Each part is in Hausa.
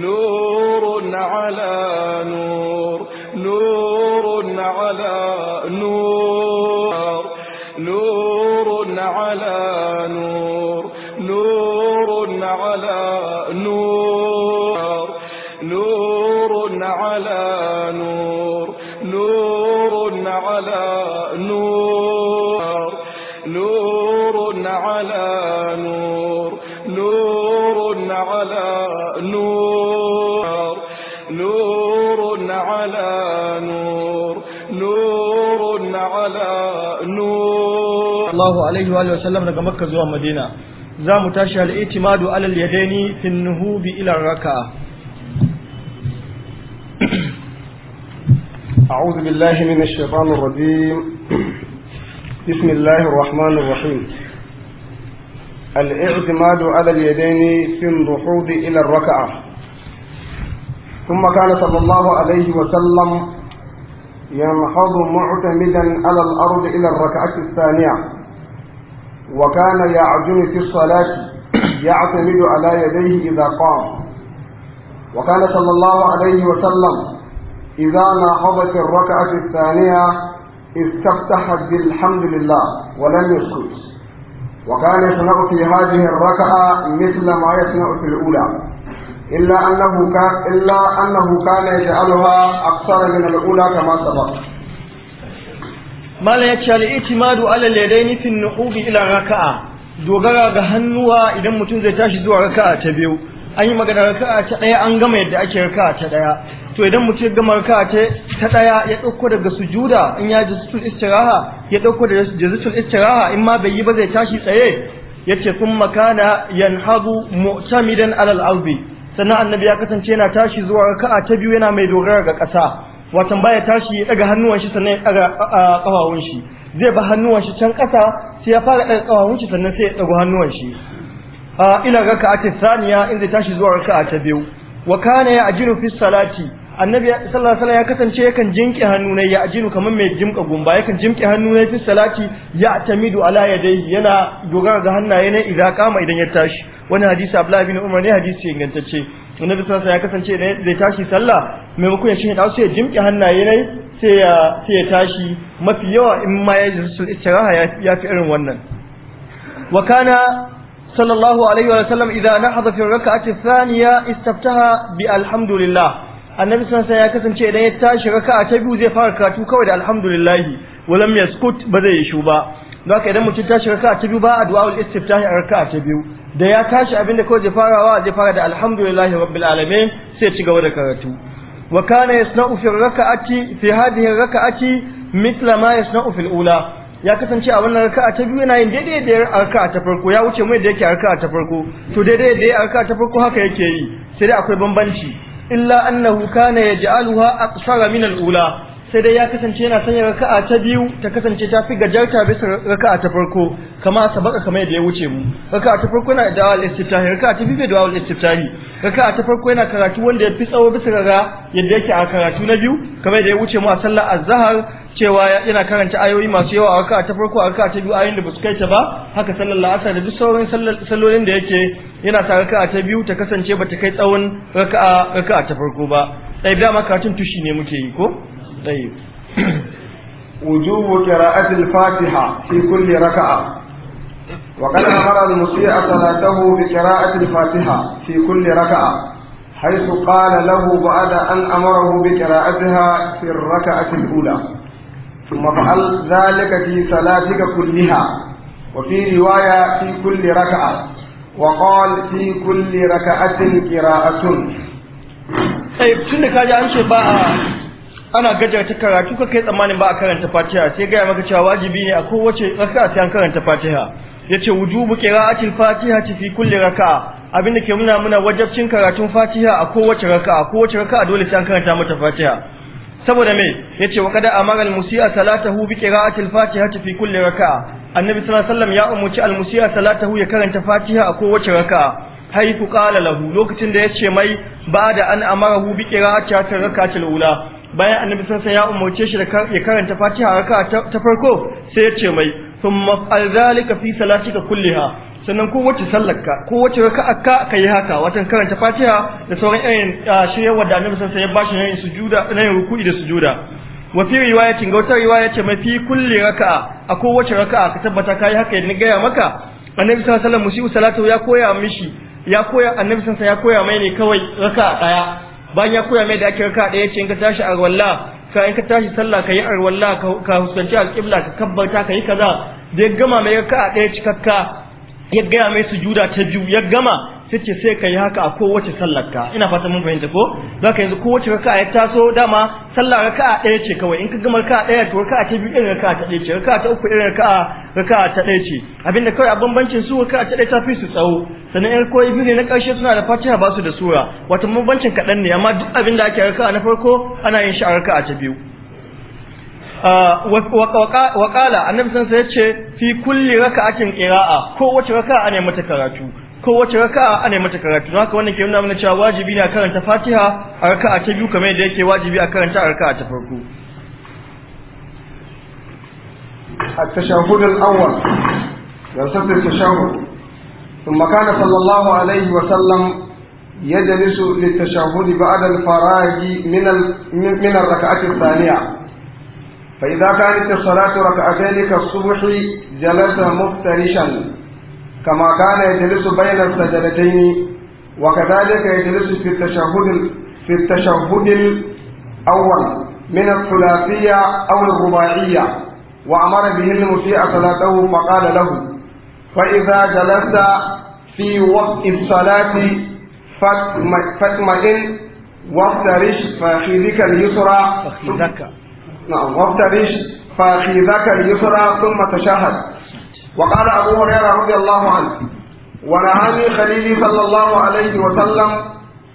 نور على الله عليه وآله وسلم daga مكة zuwa madina za mu الاعتماد على اليدين في fi إلى الركعة أعوذ بالله من الشيطان الرجيم بسم الله الرحمن الرحيم الاعتماد على اليدين في النهوب إلى الركعة ثم كان صلى الله عليه وسلم ينهض معتمدا على الأرض إلى الركعة الثانية وكان يعجل في الصلاة يعتمد على يديه إذا قام وكان صلى الله عليه وسلم إذا في الركعة الثانية استفتح بالحمد لله ولم يسكت وكان يصنع في هذه الركعة مثل ما يصنع في الأولى إلا أنه كان إلا أنه كان يجعلها أكثر من الأولى كما سبق malam ya ce al'itimadu ala ladaini fi nuhubi ila raka'a dogara ga hannuwa idan mutum zai tashi zuwa raka'a ta biyu an yi magana raka'a ta ɗaya an gama yadda ake raka'a ta ɗaya to idan mutum ya gama raka'a ta ɗaya ya ɗauko daga sujuda in ya sutul istiraha ya ɗauko daga jazutul istiraha in ma bai yi ba zai tashi tsaye yace kun makana yanhabu mu'tamidan alal ardi sannan annabi ya kasance yana tashi zuwa raka'a ta biyu yana mai dogara ga ƙasa watan baya tashi ya daga hannuwan shi sannan ya daga kafawun shi zai ba hannuwan shi can kasa sai ya fara daga kafawun shi sannan sai ya dago hannuwan shi ila ake Saniya in zai tashi zuwa raka'a ta biyu wa kana ya ajiru fi salati annabi sallallahu alaihi wasallam ya kasance yakan jinki hannu ya ajinu kamar mai jimka gumba yakan jinki hannu ne fi salati ya tamidu ala yadayhi yana dogara ga hannaye ne idan kama idan ya tashi wani hadisi abdullahi bin Umar ne hadisi ingantacce annabi sallallahu ya kasance da zai tashi sallah maimakon ya shi da sai ya hannaye ne sai ya sai ya tashi mafi yawa in ma ya ji sun istiraha ya fi irin wannan wa kana sallallahu alaihi wa sallam idza nahadha fi rak'ati thaniya istaftaha bi alhamdulillah annabi sallallahu ya kasance idan ya tashi raka'a ta biyu zai fara karatu kawai da alhamdulillah walam yaskut ba zai yi shu ba don haka idan mutum tashi raka'a ta biyu ba a al-istiftahi a raka'a ta biyu da ya tashi abinda kawai zai farawa zai fara da alhamdulillah rabbil alamin sai ci gaba da karatu wa kana yasna'u fi raka'ati fi hadhihi raka'ati mithla ma yasna'u fil ula ya kasance a wannan raka'a ta biyu yana yin daidai da raka'a ta farko ya wuce mai da yake raka'a ta farko to daidai da raka'a ta farko haka yake yi sai dai akwai bambanci illa annahu kana yaj'aluha aqsara min al ula sai dai ya kasance yana sanya raka'a ta biyu ta kasance ta fi gajarta bisa raka'a ta farko kama sabaka kamar yadda ya wuce mu raka'a ta farko yana da dawal istiftahi raka'a ta biyu da dawal istiftahi raka'a ta farko yana karatu wanda ya fi tsawo bisa ga yadda yake a karatu na biyu kamar yadda ya wuce mu a sallar azhar cewa yana karanta ayoyi masu yawa a raka'a ta farko a raka'a ta biyu ayoyin da ba su kai ta ba haka sallar la'asar da duk sauran sallolin da yake yana sa raka'a ta biyu ta kasance ba ta kai tsawon raka'a raka'a ta farko ba ɗaya dama karatun tushi ne muke yi ko طيب وجوب قراءة الفاتحة في كل ركعة وقد أمر المسيء صلاته بقراءة الفاتحة في كل ركعة حيث قال له بعد أن أمره بقراءتها في الركعة الأولى ثم فعل ذلك في صلاتك كلها وفي رواية في كل ركعة وقال في كل ركعة قراءة طيب شنو أجل أنت بقى ana gajarta karatu ka kai tsammanin ba a karanta fatiha sai gaya maka cewa wajibi ne a kowace raka sai an karanta fatiha Ya yace wujubu qira'atil fatiha fi kulli raka. abinda ke muna muna wajabcin karatun fatiha a kowace A kowace raka'a dole sai an karanta mata fatiha saboda me ce wa kada amara al musi'a salatahu bi qira'atil fatiha fi kulli raka'a annabi sallallahu alaihi ya umarci al musi'a salatahu ya karanta fatiha a kowace raka'a haifu qala lahu lokacin da ya ce mai ba da an hu bi qira'atil raka'atil ula bayan annabi sansa ya umarce shi da ya karanta fatiha a raka ta farko sai ya ce mai sun maf'al zalika fi salatika kulliha sannan ko wacce sallarka ko wacce raka'arka ka yi haka watan karanta fatiha da sauran irin shiryarwa da annabi sansa ya bashi sujuda na yin ruku'i da sujuda wa fi riwayatin ga wata riwaya ce mai fi kulli raka'a a wacce raka'a ka tabbata ka yi haka yadda gaya maka annabi sallallahu alaihi wasallam salatu ya koya mishi ya koya annabi sansa ya koya mai ne kawai raka'a daya bayan ya koya mai da ake raka ɗaya ce in ka tashi a al-walla, ka in ka tashi sallah ka yi a al-walla ka huskanci alƙibla ka kabbarta ka yi kaza da ya gama mai raka ɗaya cikakka ya gaya mai sujuda ta biyu ya gama sai ce sai ka yi haka a kowace sallarka ina fata mun fahimta ko za ka yanzu kowace raka ya taso dama sallar raka ɗaya ce kawai in ka gama raka ɗaya to raka ta biyu irin raka ta ɗaya ce raka ta uku irin raka raka ta ɗaya ce abinda kawai a bambancin su raka ta ɗaya ta fi su tsawo sannan yan koyi biyu ne na ƙarshe suna da fatiha ba su da sura wato bambancin kaɗan ne amma duk abinda ake raka na farko ana yin shi a raka ta biyu waƙala annabi sansa ya ce fi kulli raka'atin qira'a kowace raka'a ne mata karatu kowace raka'a ana mata karatu don haka wannan ke nuna mana cewa wajibi ne a karanta Fatiha a raka'a ta biyu kamar yadda yake wajibi a karanta a raka'a ta farko التشهد الأول ينصف التشهد ثم كان صلى الله عليه وسلم يجلس للتشهد بعد الفراغ من من الركعة الثانية فإذا كانت الصلاة ركعتين كالصبح جلس مفترشا كما كان يجلس بين السجدتين وكذلك يجلس في التشهد في التشهد الأول من الثلاثية أو الرباعية وأمر به المسيء صلاته فقال له فإذا جلست في وقت الصلاة فاطمئن وافترش فخذك اليسرى فخذك نعم وافترش فخذك اليسرى ثم تشهد وقال أبو هريرة رضي الله عنه ونهاني خليلي صلى الله عليه وسلم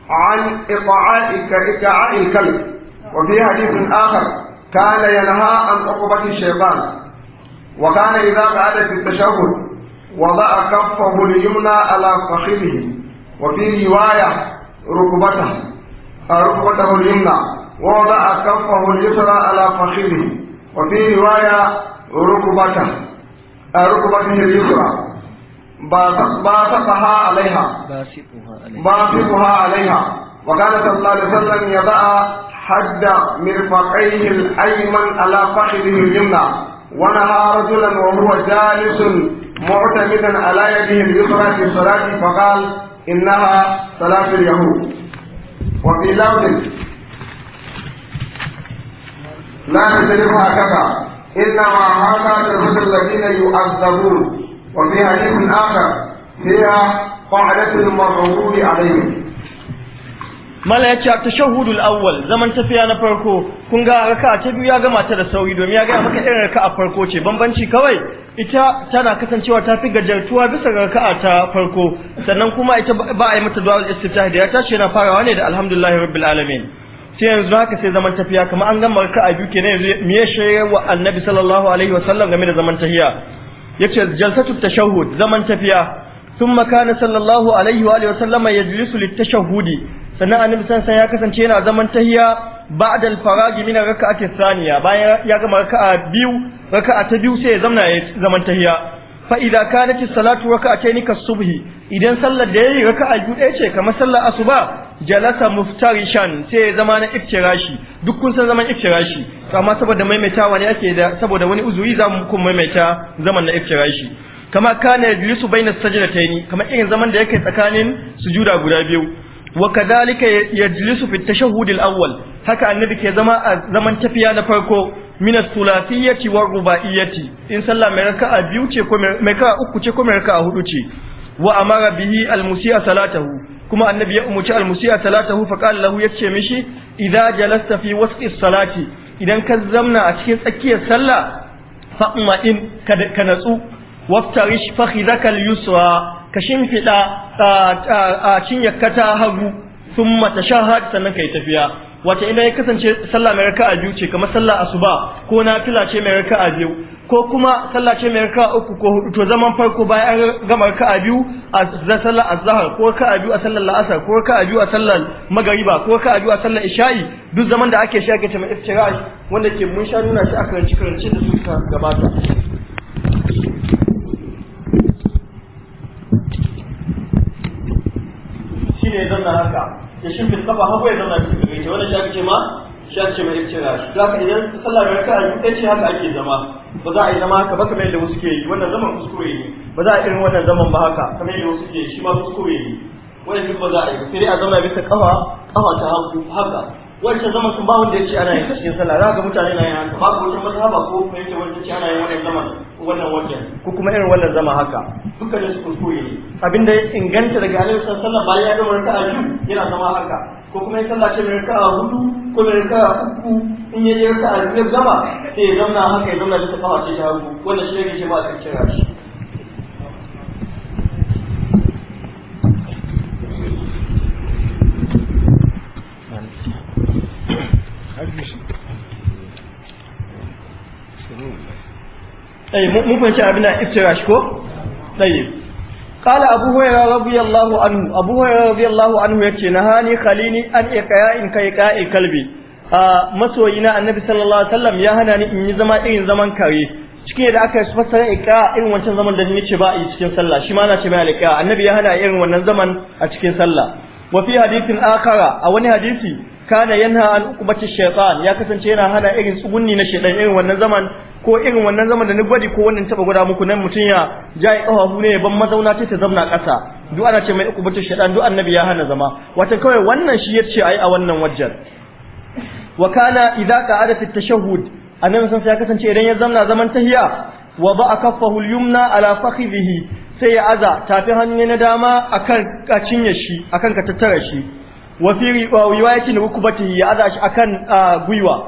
عن إقعاء إقعاء الكلب وفي حديث آخر كان ينهى عن عقبة الشيطان وكان إذا قعد في التشهد وضع كفه اليمنى على فخذه وفي رواية ركبته ركبته اليمنى ووضع كفه اليسرى على فخذه وفي رواية ركبته ركبته اليسرى باسطها عليها باسطها عليها وكان صلى الله عليه وسلم يضع حد مرفقيه الايمن على فخذه اليمنى ونهى رجلا وهو جالس معتمدا على يده اليسرى في الصلاه فقال انها صلاه اليهود وفي لفظ لا تدرك كذا إنما هذا للرسل الذين يؤذبون وفي حديث آخر فيها قعدة المغضوب عليهم mala ya ce a tashahudul awwal zaman tafiya na farko kun ga raka ta biyu ya gama ta da sauri domin ya gaya maka irin raka a farko ce bambanci kawai ita tana kasancewa ta fi gajartuwa bisa ga raka'a ta farko sannan kuma ita ba a yi mata du'a istiftah da ya tashi yana farawa ne da alhamdulillahi rabbil alamin sai yanzu haka sai zaman tafiya kamar an gama raka'a a kenan yanzu me ya shirya wa annabi sallallahu alaihi wasallam game da zaman tafiya yace jalsatu tashahud zaman tafiya sun makana sallallahu alaihi wa alihi wasallam yajlisu litashahhudi sannan annabi sallallahu ya kasance yana zaman tahiya ba'da al-farag min raka'ati thaniya bayan ya gama raka'a biyu raka'a ta biyu sai ya zamna ya zaman tahiya fa idza kanat as-salatu raka'atayn kas-subhi idan sallar da yayi raka'a biyu ɗaya ce kamar sallar asuba jalasa muftarishan sai zama na iftirashi duk kun san zaman iftirashi to amma saboda maimaitawa ne ake da saboda wani uzuri za mu kun maimaita zaman na iftirashi kama kana yajlisu bainas sajdatayn kamar irin zaman da yake tsakanin sujuda guda biyu wa kadhalika yajlisu fi at-tashahhud awwal haka annabi ke zama a zaman tafiya na farko min as-sulasiyyati war ruba'iyyati in sallah mai raka'a biyu ce ko mai raka'a uku ce ko mai raka'a hudu ce wa amara bihi al-musi'a salatahu kuma annabi ya umuci al-musi'a salatahu fa qala lahu yace mishi idza jalasta fi wasqi salati idan ka zamna a cikin tsakiyar sallah fa in ka natsu waftarish fakhidaka al-yusra ka shimfida a cinyarka ta hagu thumma tashahhad sannan kai tafiya wace idan ya kasance sallah mai raka'a biyu ce kamar sallah asuba ko nafila ce mai raka'a biyu ko kuma sallah ce mai raka'a uku ko hudu to zaman farko bayan an gama raka'a biyu a sallar azhar ko raka'a biyu a sallar la'asar ko raka'a biyu a sallar magariba ko raka'a biyu a sallar isha'i duk zaman da ake shi ake ce mai iftirash wanda ke mun sha nuna shi a karanci karanci da su ta gabata shine zan haka ya shimfin kafa haku ya zama da gaita wannan shi ake ce ma shi ake mai ma shi za ka idan sallah da raka'a biyu ce haka ake zama ba za a yi zama haka ba kamar yadda wasu ke yi wannan zaman kuskure ne ba za a irin wannan zaman ba haka kamar yadda wasu ke yi shi ma kuskure ne wannan duk ba za a yi sai dai a zama bisa kafa kafa ta hagu haka wancan zaman sun ba wanda ya ce ana yin cikin sallah za ga mutane na yin haka ba ko wata mazhaba ko fahimta wanda ya ce ana yin wannan zaman wannan wajen ko kuma irin wannan zama haka dukkanin su kuskure ne abin da inganta daga annabi sallallahu alaihi wasallam bayan ya gama biyu yana zama haka ko kuma ya sallace mai a hudu ko mai a uku in ya yi raka'a biyu zama sai ya zauna haka ya zauna da tafawa ce ta hagu wannan shi ne ke ba a kira طيب مو فهمت ابن افتراش كو طيب قال أبو هريرة رضي الله عنه أبو هريرة رضي الله عنه يتي نهاني خليني أن إقراء كإقراء كلبي آه مسوينا النبي صلى الله عليه وسلم يا هناني إن زمان إن زمان كريه cikin da aka fassara ikra irin wancan zaman da nace ba yi cikin sallah shi ma na ce mai alika annabi ya hana irin wannan zaman a cikin sallah wa fi hadithin akhara a wani hadisi kana yanha an ukubati shaytan ya kasance yana hana irin tsugunni na shaytan irin wannan zaman ko irin wannan zaman da ni gwadi ko wannan taba gwada muku nan mutun ya jayi kafafu ne ban mazauna ta zamna kasa duk ana ce mai ukubati shaytan duk annabi ya hana zama wata kawai wannan shi yace ai a wannan wajjar wa kana idza qa'ada fi tashahhud annabi sun ya kasance idan ya zamna zaman tahiya wa ba'a kaffahu al-yumna ala fakhidhihi sai ya aza tafi hannu na dama akan kacin shi akan ka tattara shi wa fi riwayatin rukbatihi ya aza shi akan gwiwa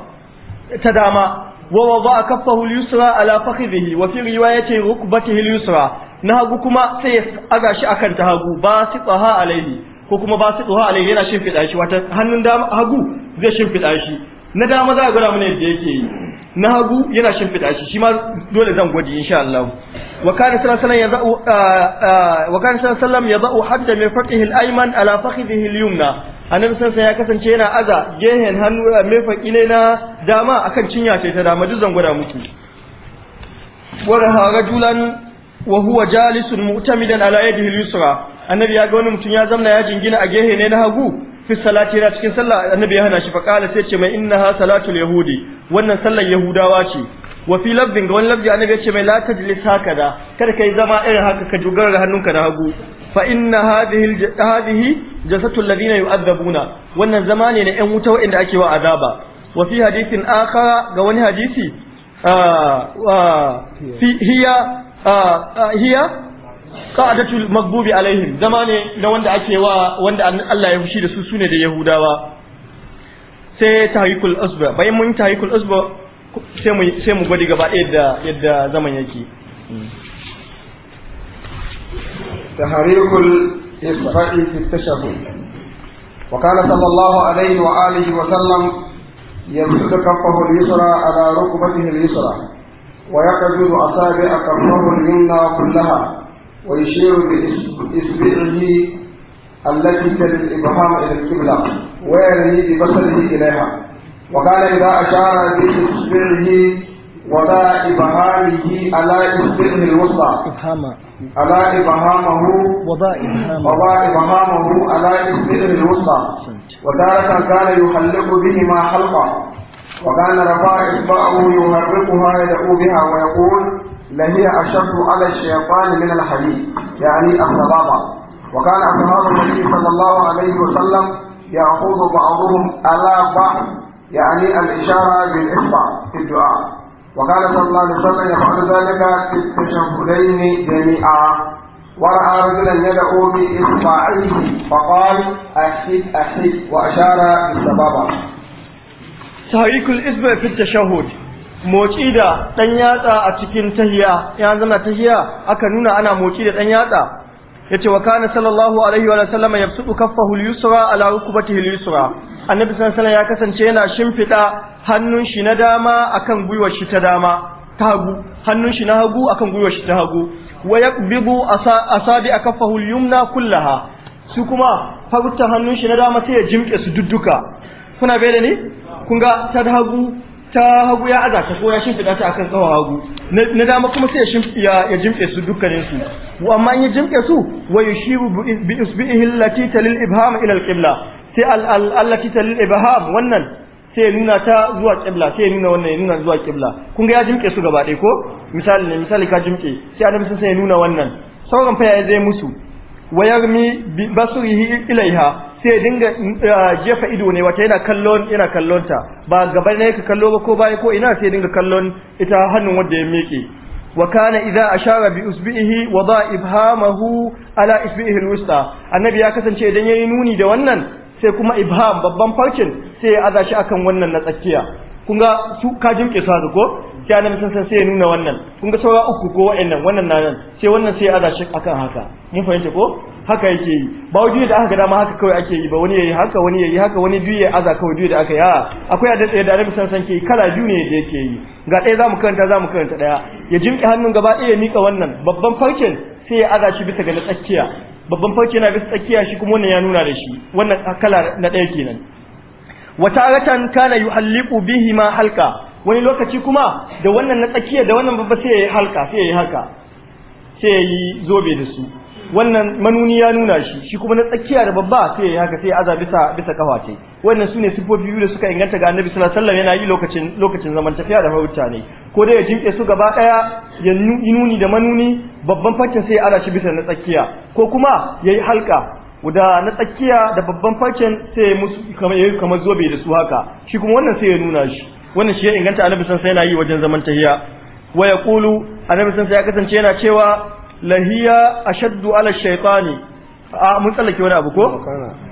ta dama wa wada a al-yusra ala fakhidhihi wa fi riwayatin rukbatihi al na hagu kuma sai ya aza shi akan ta hagu ba su tsaha alaihi ko kuma ba su tsaha alaihi yana shimfiɗa shi wata hannun dama hagu zai shimfiɗa shi na dama za a gwada mana yadda yake yi na hagu yana shimfiɗa shi shi ma dole zan gwadi insha Allah wa kana sallallahu alaihi wasallam yadau wa kana sallallahu alaihi wasallam yadau hadda min faqihi al-ayman ala fakhidhihi annabi sansa ya kasance yana aza gehen hannu eh, mai ne na dama akan cinya ce ta dama duk zangwada muke waraha rajulan wa huwa jalisun mu'tamidan ala yadihi al-yusra annabi ya ga wani mutum ya zamna ya jingina a gehe ne na hagu fi salati na cikin sallah annabi ya hana shi faqala sai ce mai ha, salatul yahudi wannan sallar yahudawa ce wa fi ga wani labbi annabi ya ce mai la haka da.' kada kai zama irin haka ka jugar da hannunka na hagu fa inna hadhihi hadhihi jasatu alladhina yu'adhabuna wannan zama ne na ƴan wuta wanda ake wa azaba wa fi hadithin akhara ga wani hadisi ah, ah, fi hiya ah, hiya qa'adatul alaihim zama ne na wanda ake wa wanda Allah ya fushi da su sune da yahudawa sai tahrikul usba bayan mun tahrikul usba sai mu sai mu gwadi gaba ɗaya yadda zaman yake تحريك الإصبع في التشهد وكان صلى الله عليه وآله وسلم يمسك كفه اليسرى على ركبته اليسرى ويقبض أصابع كفه اليمنى كلها ويشير بإصبعه التي تلي الإبهام إلى القبلة ويرمي ببصره إليها وقال إذا أشار بإصبعه ولا إبهامه على إبهام الوسطى إبهاما على إبهامه وضاء إبهامه إبهامه على إبهام الوسطى وتارة كان يحلق بهما حلقا وكان رفع إصبعه يهرقها يدعو بها ويقول لهي أشد على الشيطان من الحديد يعني الصلابة وكان أصحاب النبي صلى الله عليه وسلم يأخذ بعضهم على بعض يعني الإشارة بالإصبع في الدعاء وقال صلى الله عليه وسلم يفعل ذلك في التشهدين جميعا ورأى رجلا يدعو بإصبعيه فقال أحد أحد وأشار بالسبابة تحريك الإصبع في التشهد motsi da ɗan yatsa a cikin tahiya ya zama tahiya aka nuna ana motsi da ɗan yatsa yace wa kana sallallahu alaihi wa sallam yabsutu kaffahu al-yusra ala rukbatihi al-yusra annabi sallallahu ya kasance yana shimfiɗa. hannun shi na dama akan gwiwar shi ta dama ta hagu hannun shi na hagu akan gwiwar shi ta hagu wa yaqbidu asabi akafahu al-yumna kullaha su kuma fagutta hannun shi na dama sai ya jimke su dudduka kuna bai da ni kun ga ta hagu ta hagu ya aza ta ko ya shimfiɗa ta akan kawo hagu na dama kuma sai ya ya jimke su dukkanin su amma in ya jimke su wa yushiru bi isbihi allati talil ibham ila al-qibla sai al allati talil ibham wannan sai ya nuna ta zuwa kibla sai nuna wannan ya nuna zuwa kibla kun ga ya jimke su gaba ɗaya ko misali ne misali ka jimke sai annabi sun sai ya nuna wannan sauran fa ya zai musu wayarmi basurihi ilaiha sai dinga eh, jefa ido ne wata yana kallon yana kallon ta ba gaba ne ka kallo ba ko baya ko ina sai dinga kallon ita hannun wanda ya miƙe wa kana idza ashara bi usbihi wada ibhamahu ala isbihi alwusta annabi ya kasance idan yayi nuni da wannan sai kuma ibham babban farkin sai ya aza shi akan wannan na tsakiya kun ga su kajin kisazu ko sai annabi sun sai ya nuna wannan kun ga saura uku ko wa'annan wannan na nan sai wannan sai ya aza shi akan haka Mun fahimta ko haka yake yi ba wuji da aka ga dama haka kawai ake yi ba wani yayi haka wani yayi haka wani biyu ya aza kawai biyu da aka yi akwai a dade da annabi sun san ke kala biyu ne da yake yi ga ɗaya zamu karanta zamu karanta ɗaya ya jimki hannun gaba ɗaya ya mika wannan babban farkin sai ya aza shi bisa ga na tsakiya babban farce yana bisa tsakiya shi kuma wannan ya nuna da shi wannan kala na ɗaya kenan wata ratan kana halliku bihi ma halka wani lokaci kuma da wannan na tsakiya da wannan babba sai ya yi halka sai ya yi yayi zobe da su wannan manuni ya nuna shi shi kuma na tsakiya da babba sai ya haka sai ya aza bisa bisa kafa ce wannan sune sifofi biyu da suka inganta ga annabi sallallahu alaihi wasallam yana yi lokacin lokacin zaman tafiya da mutane ko dai ya jinke su gaba daya ya nuni da manuni babban fakin sai ya ara shi bisa na tsakiya ko kuma yayi halka guda na tsakiya da babban fakin sai ya musu kamar yayi kamar zobe da su haka shi kuma wannan sai ya nuna shi wannan shi ya inganta annabi sallallahu alaihi wasallam yana yi wajen zaman tahiya wa yaqulu annabi sallallahu alaihi wasallam ya kasance yana cewa lahiya ashaddu ala shaytani a mun tsallake wani abu ko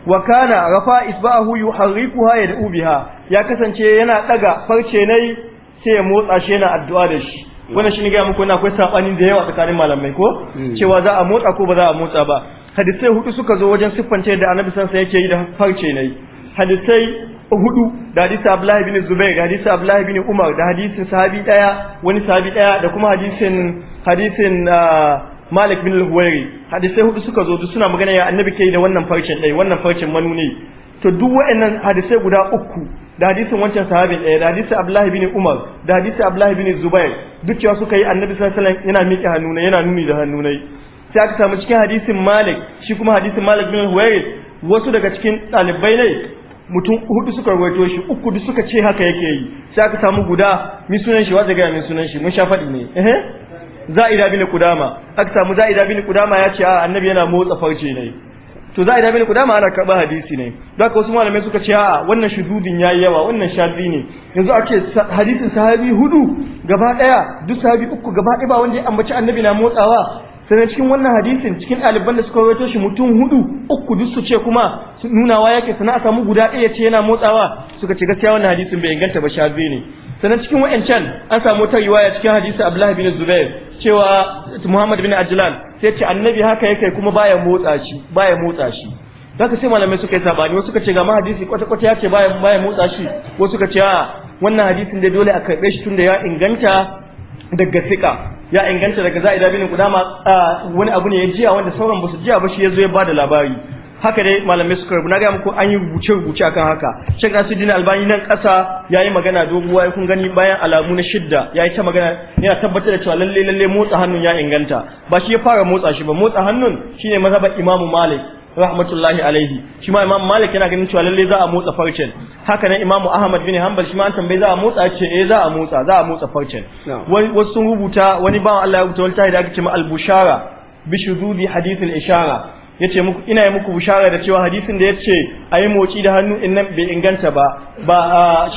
wa kana rafa isba'ahu yuharrikuha yad'u biha ya kasance yana daga farce nai sai ya motsa shi yana addu'a da shi wannan shine ga muku na akwai sabanin da yawa tsakanin malamai ko hmm. cewa za a motsa ko ba za a motsa ba hadisai hudu suka zo wajen siffance da annabi sansa yake yi da farce nai hadisai hudu da hadisi Abdullahi bin Zubair da hadisi Abdullahi bin Umar da hadisin sahabi daya wani sahabi daya da kuma hadisin hadisin ah, Malik bin Al-Huwairi hadisai hudu suka zo suna magana ya annabi kai da wannan farcen ɗaya wannan farcen manu ne to duk wa'annan hadisai guda uku da hadisin wancan sahabin ɗaya da hadisin Abdullahi bin Umar da hadisin Abdullahi bin Zubair duk cewa suka yi annabi sallallahu alaihi wasallam yana miƙe hannu yana nuni da hannu sai aka samu cikin hadisin Malik shi kuma hadisin Malik bin Al-Huwairi wasu daga cikin ɗalibai ne mutum hudu suka rawaito shi uku duk suka ce haka yake yi sai aka samu guda mi sunan shi wa daga min sunan shi mun sha faɗi ne za'ida bin kudama aka samu za'ida bin kudama ya ce a annabi yana motsa farce ne to za'ida bin kudama ana karba hadisi ne da haka wasu malamai suka ce a wannan shududin yayi yawa wannan shadi ne yanzu ake hadisin sahabi hudu gaba ɗaya duk sahabi uku gaba daya ba wanda ya ambaci annabi na motsawa sannan cikin wannan hadisin cikin ɗaliban da suka rawaito shi mutum hudu uku duk su ce kuma nunawa yake sana'a samu guda ɗaya ce yana motsawa suka ce gaskiya wannan hadisin bai inganta ba shadi ne sannan cikin wa'ancan an samu ta riwaya cikin hadisi Abdullah bin Zubair cewa Muhammad bin Ajlan sai ce annabi haka yake kuma baya motsa shi baya motsa shi sai malamai suka yi sabani wasu suka ce ga ma hadisi kwata kwata ya ce baya baya motsa shi wasu suka ce a wannan hadisin da dole a karbe shi tunda ya inganta daga sika ya inganta daga za'ida bin kudama wani abu ne ya jiya wanda sauran ba su jiya ba shi ya zo ya da labari haka dai malamai suka rubuta na ga muku an yi rubuce rubuce akan haka Sheikh Nasiruddin Albani nan ƙasa yayi magana doguwa kun gani bayan alamu na shidda yayi ta magana yana tabbatar da cewa lalle lalle motsa hannun ya inganta ba shi ya fara motsa shi ba motsa hannun shine mazhabar Imam Malik rahmatullahi alaihi shi ma Imam Malik yana ganin cewa lalle za a motsa farcen haka nan imamu Ahmad bin Hanbal shi ma an tambaye za a motsa ce eh za a motsa za a motsa farcen wasu sun rubuta wani bawan Allah ya rubuta wani tahidi aka ce ma al-bushara bi shududi ishara yace muku ina yi muku bishara da cewa hadisin da ya yace ayi motsi da hannu in nan bai inganta ba ba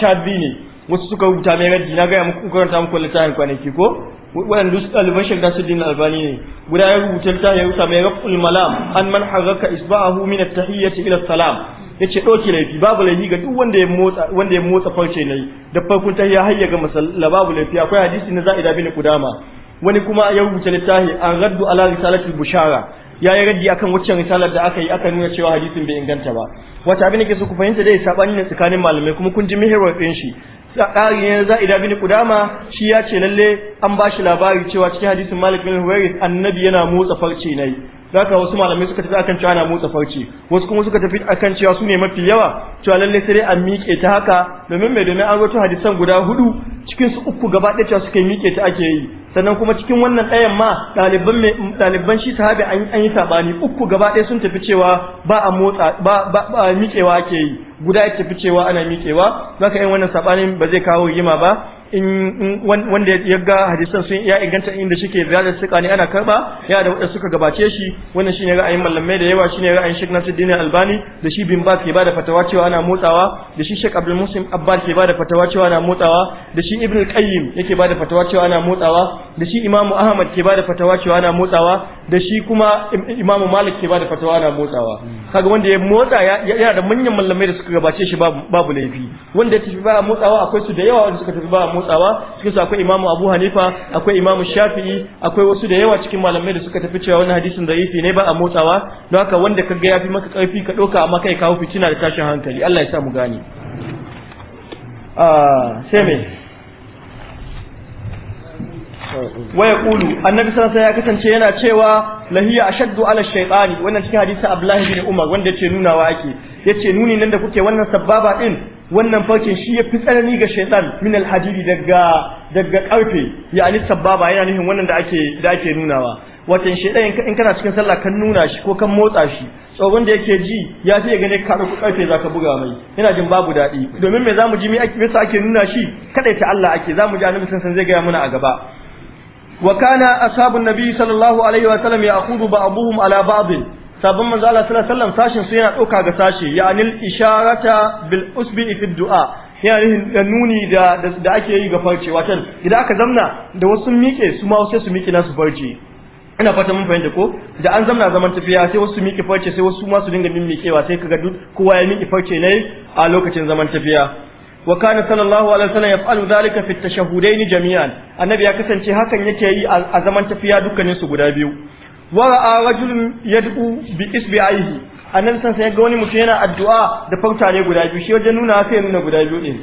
shabi ne wasu suka rubuta mai raddi na ga muku karanta muku littafin kwanaki ko wannan duk ɗaliban shirka su din albani ne guda ya rubuta ta ya rubuta mai raful malam an man harraka isba'ahu min at-tahiyyati ila salam yace ɗauki laifi babu laifi ga duk wanda ya motsa wanda ya motsa farce ne da farkon ta har ya ga masalla babu laifi akwai hadisi na za'ida bin kudama wani kuma ya rubuta littafi an raddu ala risalati bushara ya yi raddi akan waccan risalar da aka yi aka nuna cewa hadisin bai inganta ba wata abin da ke so ku fahimta dai sabani ne tsakanin malamai kuma kun ji mihrar ɗin shi ƙari ne za ida bin kudama shi ya ce lalle an ba shi labari cewa cikin hadisin malik bin huwairis annabi yana motsa farce na haka wasu malamai suka tafi akan cewa ana motsa farce wasu kuma suka tafi akan cewa su ne mafi yawa cewa lalle sai an a miƙe ta haka domin mai domin an rawaito hadisan guda hudu cikin su uku gaba ɗaya cewa suka miƙe ta ake yi sannan kuma cikin wannan ɗayan ma ɗaliban mai ɗaliban shi sahabi an yi sabani uku gaba ɗaya sun tafi cewa ba a motsa ba ba miƙewa ake yi guda ya tafi cewa ana miƙewa zaka yin wannan sabanin ba zai kawo yima ba wanda ya ga hadisan sun ya inganta inda shike zai suka ne ana karba ya da wanda suka gabace shi wannan shine ra'ayin mallamai da yawa shine ra'ayin Sheikh Nasruddin Albani da shi bin Baz ke bada fatawa cewa ana motsawa da shi Sheikh Abdul Muslim Abbas ke bada fatawa cewa ana motsawa da shi Ibn Qayyim yake bada fatawa cewa ana motsawa da shi Imam Ahmad ke bada fatawa cewa ana motsawa da shi kuma imamu malik ke ba da fatawa na motsawa kaga wanda ya motsa yana da manyan mallamai da suka gabace shi babu laifi wanda ya tafi ba motsawa akwai su da yawa wanda suka tafi ba motsawa cikin su akwai imamu abu hanifa akwai imamu shafi'i akwai wasu da yawa cikin malamai da suka tafi cewa wannan hadisin da'ifi ne ba a motsawa don haka wanda ka ga fi maka karfi ka doka amma kai kawo fitina da tashin hankali Allah ya sa mu gane ah sai me Waya Kulu, annabi sallallahu ya kasance yana cewa lahiya ashaddu ala shaytani wannan cikin hadisi abdullahi bin umar wanda yace nunawa ake yace nuni nan da kuke wannan sababa din wannan farkin shi yafi fi tsanani ga shaitan min alhadidi daga daga karfe yani sababa yana nufin wannan da ake da ake nunawa watan shaytan in kana cikin sallah kan nuna shi ko kan motsa shi tsoron da yake ji ya fi gane ka ku karfe zaka buga mai yana jin babu daɗi domin me zamu ji me ake ake nuna shi Kaɗai ta Allah ake zamu ji annabi san zai gaya muna a gaba وكان أصحاب النبي صلى الله عليه وسلم يأخذ بعضهم على بعض sabon manzo Allah sallallahu alaihi wasallam sashin su yana dauka ga sashi ya'anil isharata bil usbi fi du'a yana nufin da nuni da da ake yi ga farce watan idan aka zamna da wasu miƙe su ma sai su mike nasu farce ina fata mun fahimta ko da an zamna zaman tafiya sai wasu miƙe farce sai wasu ma su dinga mimikewa sai kaga duk kowa ya miƙe farce ne a lokacin zaman tafiya wa kana sallallahu alaihi wasallam yaf'alu dhalika fi at-tashahhudain jami'an annabi ya kasance hakan yake yi a zaman tafiya dukkanin su guda biyu wa ra'a rajulun yad'u bi isbi'ihi annabi san sai ga wani mutum yana addu'a da fautare guda biyu shi wajen nuna sai nuna guda biyu din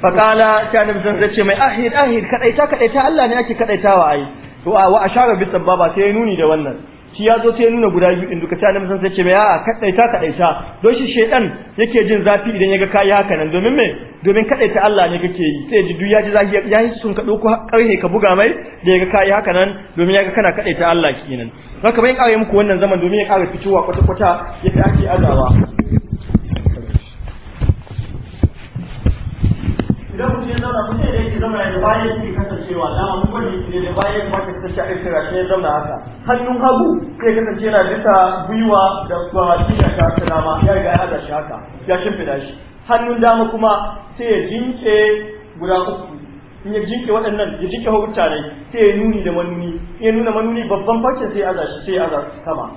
fa qala ta annabi san zace mai ahid ahid kadaita kadaita Allah ne ake kadaitawa ai to wa ashara bi sababa sai nuni da wannan shi ya zo ta yi nuna guda biyu in duka sai annabi sai ce mai a'a kadaita kadaita don shi shedan yake jin zafi idan yaga kai haka nan domin me domin kadaita Allah ne kake yi sai ji duk ya ji zafi ya yi sun ka dauko karhe ka buga mai da yaga kai haka nan domin yaga kana kadaita Allah kenan haka bai kawo muku wannan zaman domin ya kara fitowa kwata kwata yadda ake azawa idan mutum ya zauna mutum da yake zauna ya baya yake kasancewa dama mun bari yake da baya yake maka kasance a iska rashe ya zauna haka hannun hagu kai kasance yana bisa gwiwa da kwaciya ta salama ya riga ya haɗa shi haka ya shimfiɗa shi hannun dama kuma sai ya jinke guda uku in ya jinke waɗannan ya jinke hukunta ne sai ya nuni da manuni ya nuna manuni babban farcen sai ya aza shi sai ya aza sama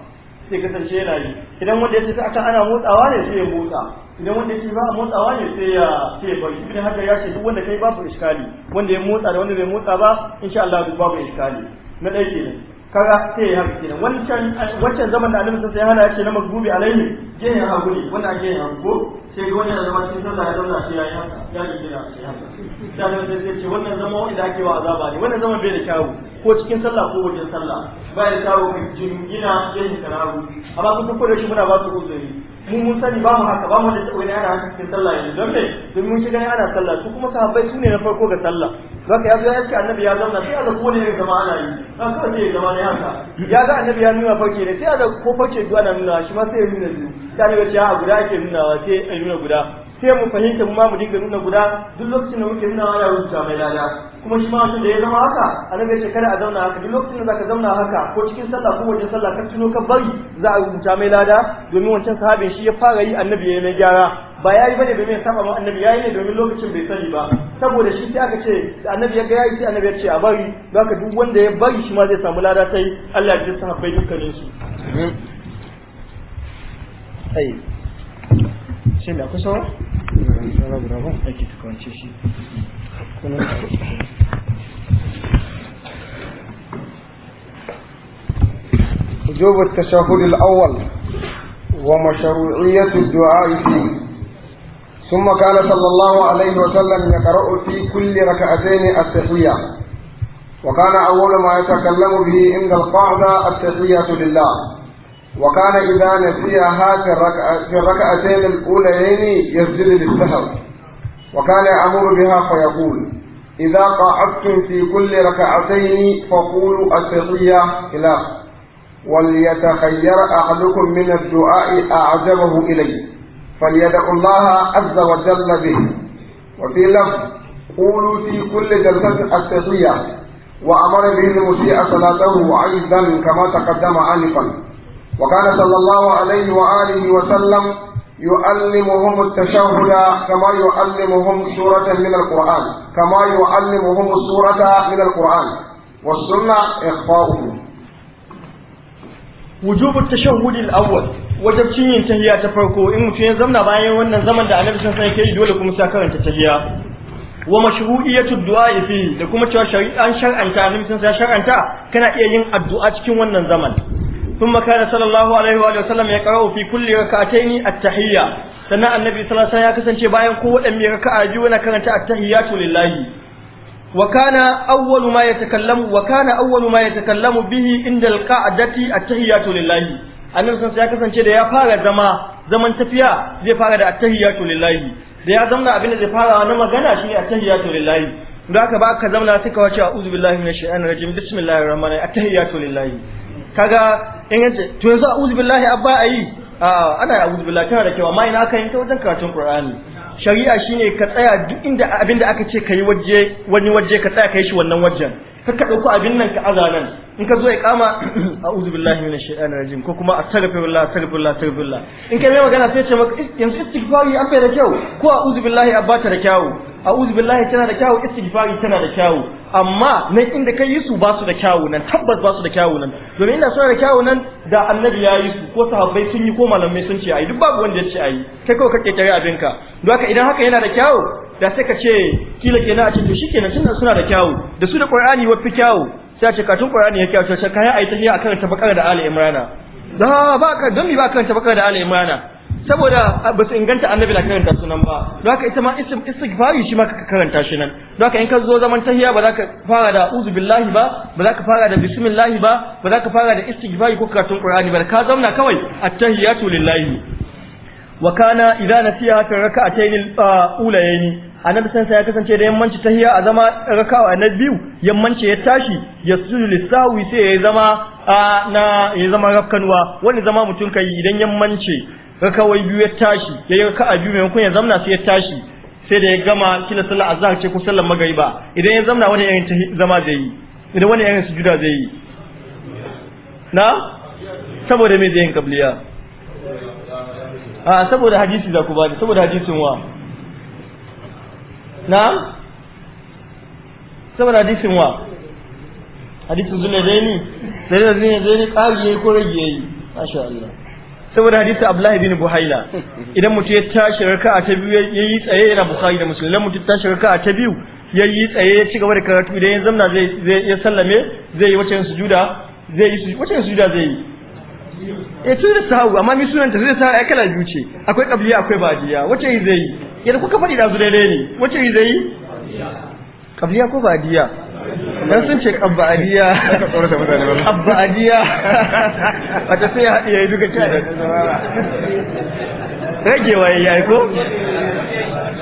sai kasance yana yi idan wanda ya ce tafi akan ana motsawa ne sai ya motsa idan wanda yake ba motsawa ne sai ya ce ya bari idan haka ya ce duk wanda kai babu iskali wanda ya motsa da wanda bai motsa ba insha Allah duk babu iskali na ɗaya kenan kaga sai ya haka kenan wancan wancan zaman da annabi sai ya hana yace na magdubi alaihi je ya hagu ne wanda ake ya hagu sai ga wannan zaman cikin sallah ya zauna sai ya yi haka ya yi ya sai haka sai annabi sai ce wannan zaman wanda ake wa azaba ne wannan zaman bai da kyawu ko cikin sallah ko wajen sallah ba ya kyawu ga jingina yin karabu amma kun ko da shi muna ba su uzuri mu mun sani ba mu haka ba mu da tsawon ana haka cikin sallah yanzu don me don mun gani ana sallah su kuma sahabbai su ne na farko ga sallah zaka ka zo ya ce annabi ya zauna sai aka kone ne zama ana yi an ka ce zama ne haka ya ga annabi ya nuna farke ne sai aka ko farke duk ana nuna shi ma sai ya nuna shi sai ne ga a guda ake nunawa sai ya nuna guda sai mu fahimta mu ma mu dinga nuna guda duk lokacin da muke nuna yaro ta mai lada kuma shi ma wancan da ya zama haka annabi ce kada a zauna haka duk lokacin da zaka zauna haka ko cikin sallah ko wajen sallah ka tuno ka bari za a rubuta mai lada domin wancan sahabin shi ya fara yi annabi ya yi mai gyara ba yayi bane domin ya saba ma annabi yayi ne domin lokacin bai sani ba saboda shi sai aka ce annabi ya ga yayi sai annabi ya ce a bari zaka duk wanda ya bari shi ma zai samu lada sai Allah ya ji sahabbai dukkanin su ai shin da kusa Bravo, bravo. وجوب التشهد الأول ومشروعية الدعاء فيه ثم كان صلى الله عليه وسلم يقرأ في كل ركعتين التحية وكان أول ما يتكلم به عند القعدة التحية لله وكان إذا نسيها في, الركعتين الأوليين يسجد للسهر وكان يأمر بها فيقول إذا قعدتم في كل ركعتين فقولوا التقية إلى وليتخير أحدكم من الدعاء أعجبه إليه فليدعو الله عز وجل به وفي لفظ قولوا في كل جلسة التقية وأمر به المسيء صلاته أيضا كما تقدم آنفا وكان صلى الله عليه وآله وسلم يعلمهم التشهد كما يعلمهم سورة من القرآن كما يعلمهم السورة من القرآن والسنة إخفاؤه وجوب التشهد الأول wajabcin yin tahiya ta farko in mutum ya zamna bayan wannan zaman da annabi sun sai kai dole kuma sa karanta tahiya wa mashru'iyatu du'a fi da kuma cewa shari'an shar'anta annabi sun sai shar'anta kana iya yin addu'a cikin wannan zaman ثم كان صلى الله عليه وآله وسلم يقرأ في كل ركعتين التحية سنة النبي صلى الله عليه وسلم يكسن شبايا قوة أم يركع جونا كانت التحيات لله وكان أول ما يتكلم وكان أول ما يتكلم به عند القعدة التحيات لله annabi sun ya kasance da ya fara zama zaman tafiya zai fara da attahiyatu lillahi da ya zamna abin da zai fara na magana shine attahiyatu lillahi da aka ba ka zamna sai ka wace a'udhu billahi minash shaitanir rajim bismillahir rahmanir rahim attahiyatu lillahi kaga in to yanzu uzu billahi a ba a ana uzu billahi tana da kyau amma ina yi ta wajen karatun qur'ani shari'a shine ka tsaya duk inda abin da aka ce ka yi waje wani waje ka tsaya ka yi shi wannan wajen Ka ka dauko abin nan ka aza nan in ka zo ya kama a'udhu billahi minash shaitanir rajim ko kuma astaghfirullah astaghfirullah astaghfirullah in ka mai magana sai ce maka yanzu istighfari an bai da kyau ko a billahi abba bata da kyau a'udhu billahi tana da kyau istighfari tana da kyau amma nan inda kai yi su ba su da kyau nan tabbas ba su da kyau nan domin ina suna da kyau nan da annabi ya yi su ko sahabbai sun yi ko malamai sun ce ayi duk babu wanda ya ce ayi kai kawai kake abin abinka don haka idan haka yana da kyau da sai ka ce kila kenan a ce to shikenan tunda suna da kyau da su da qur'ani wa fi kyau sai ce katun Qur'ani yake wato sai kai ayi tahiyya akan tabakar da Ali Imran da ba ka don mi ba kan tabakar da Ali Imran saboda ba su inganta annabi na karanta sunan ba don haka ita ma istighfari shi ma ka karanta shi nan don haka in ka zo zaman tahiya ba za ka fara da uzu billahi ba ba za ka fara da bismillah ba ba za ka fara da istighfari ko karatun qur'ani ba ka zauna kawai at-tahiyatu lillahi wa kana idza nasiha ka raka'atayn al-ulayayn annabi sai ya kasance da yammanci tahiya a zama rakawa na biyu yammanci ya tashi ya sujudu lisawi sai ya zama na ya zama rafkanwa wani zama mutum kai idan yammanci rakawai biyu ya tashi ya yi raka'a biyu maimakon ya zamna sai ya tashi sai da ya gama kila sallar azhar ce ko sallar magariba idan ya zamna wani irin zama zai yi idan wani irin sujuda zai yi na saboda me zai yin kabliya a saboda hadisi za ku bani saboda hadisin wa na'am saboda hadisin wa hadisin zune zaini ne da zune zaini ƙari yayi ko rage yayi masha Allah saboda hadisin Abdullahi bin Buhaila idan mutum ya tashi a ta biyu ya yi tsaye yana Buhari da Musulmi idan mutum ya tashi a ta biyu yi tsaye ya ci gaba da karatu idan ya zamna zai zai ya sallame zai yi wacce sujuda zai yi wacce sujuda zai yi eh tun da sahabu amma mi sunanta zai sa ai kala biyu ce akwai kabliya akwai badiya wacce zai yi yadda kuka faɗi da su daidai ne wace yi zai yi kabliya ko ba'adiyya. dan sun ce kabba'diya kabba'diya wata sai ya haɗe ya yi duka ce waye ya yi ko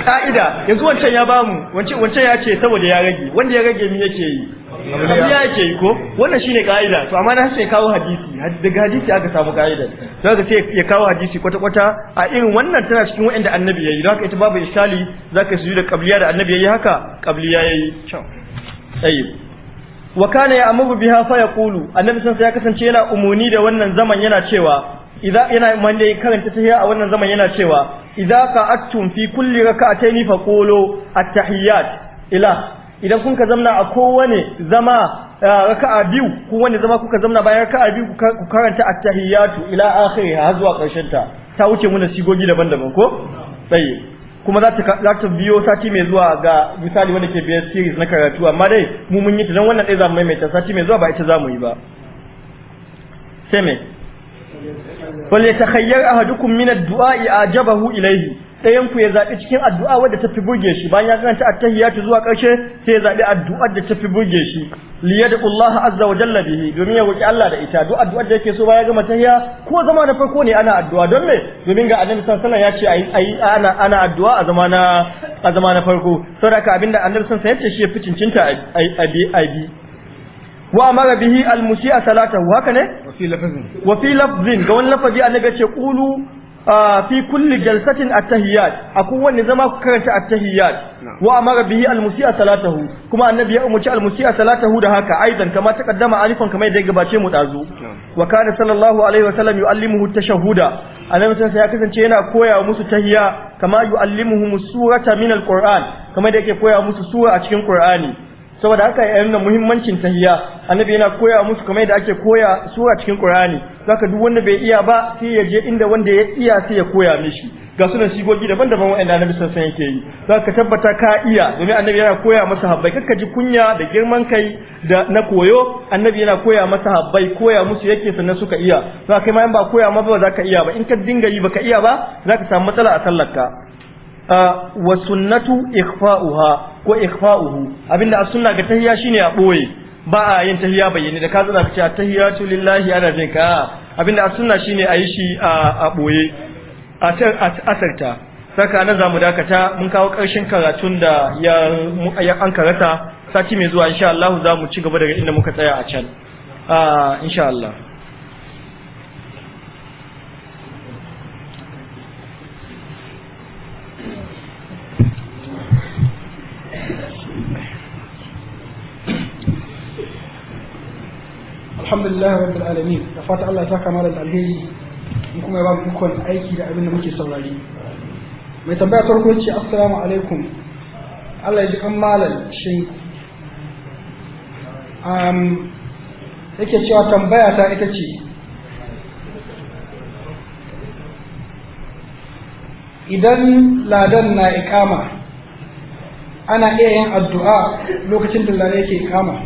ka'ida yanzu wancan ya bamu wancan ya ce saboda ya rage wanda ya rage mi yake yi abuliya ake yi ko wannan shine ka'ida to amma na sai kawo hadisi daga hadisi aka samu ka'ida to ka sai ya kawo hadisi kwata kwata a irin wannan tana cikin wanda annabi yayi don haka ita babu za zaka yi da qabliya da annabi yayi haka qabliya yayi tayyib wa kana ya amubu biha fa kulu annabi sai ya kasance yana umuni da wannan zaman yana cewa idan yana mande karanta tahiyya a wannan zaman yana cewa idza ka fi kulli rak'atayn fa qulu at-tahiyyat ila idan kun ka zamna a kowane zama raka'a biyu wani zama kuka zamna bayan raka'a biyu ku karanta at-tahiyatu ila akhiri har zuwa karshen ta ta wuce muna sigogi daban-daban ko tsaye kuma za ta za ta biyo sati mai zuwa ga misali wanda ke biyar series na karatu amma dai mu mun yi ta dan wannan dai za mu maimaita sati mai zuwa ba ita za mu yi ba sai me wal yatakhayyar ahadukum min ad-du'a ajabahu ilayhi ɗayan ku ya zaɓi cikin addu'a wadda ta fi burge shi bayan ya karanta attahiyatu zuwa ƙarshe sai ya zaɓi addu'ar da ta fi burge shi liyadullah azza wa jalla bihi domin ya roki Allah da ita duk addu'ar da yake so bayan gama tahiyya ko zama na farko ne ana addu'a don me domin ga annabi sallallahu alaihi wasallam ya ce ayi ana ana addu'a a zama na a zama na farko saboda abinda annabi sallallahu alaihi wasallam ya ce shi ya fi cincinta a bi wa amara bihi al-mushi'a salatahu haka ne wa fi lafzin ga wani lafazi annabi ya ce qulu fi kulli jalsatin at-tahiyyat a kowanne zama ku karanta at-tahiyyat wa amara bihi al-musi'a salatahu kuma annabi ya umarci al-musi'a salatahu da haka aidan kama taqaddama alifan kama yadda gabace mu dazu wa kana sallallahu alaihi wa sallam yuallimuhu at-tashahhuda annabi sai ya kasance yana koya musu tahiyya kama yuallimuhum surata min al-qur'an kama da yake koya musu sura a cikin qur'ani saboda haka ya nuna muhimmancin tahiyya annabi yana koya musu kamar da ake koya sura a cikin qur'ani zaka duk wanda bai iya ba sai ya je inda wanda ya iya sai ya koya mishi ga suna shigogi daban-daban wa'anda annabi sassan yake yi zaka tabbata ka iya domin annabi yana koya masa habbai ka ji kunya da girman kai da na koyo annabi yana koya masa habbai koya musu yake sannan suka iya zaka kai ma in ba koya ma ba zaka iya ba in ka dinga yi baka iya ba zaka samu matsala a sallarka wa sunnatu ikhfa'uha ko ikhfa'uhu abinda as sunna ga tahiyya shine a boye ba a yin tahiyya bayyane da ka zana ka ce tahiyatu lillahi ana jin ka abinda as sunna shine a yi shi a boye a asarta saka na zamu dakata mun kawo karshen karatun da ya an karata sati mai zuwa insha Allah zamu ci gaba daga inda muka tsaya a can insha Allah alhamdulillah rabbil alamin da fata Allah ya saka mana da alheri in kuma ya ba mu ikon aiki da abin da muke saurari mai tambaya farko ce assalamu alaikum Allah ya ji kan malal shin um yake cewa tambaya ta ita ce idan ladan na ikama ana iya yin addu'a lokacin da ladan yake ikama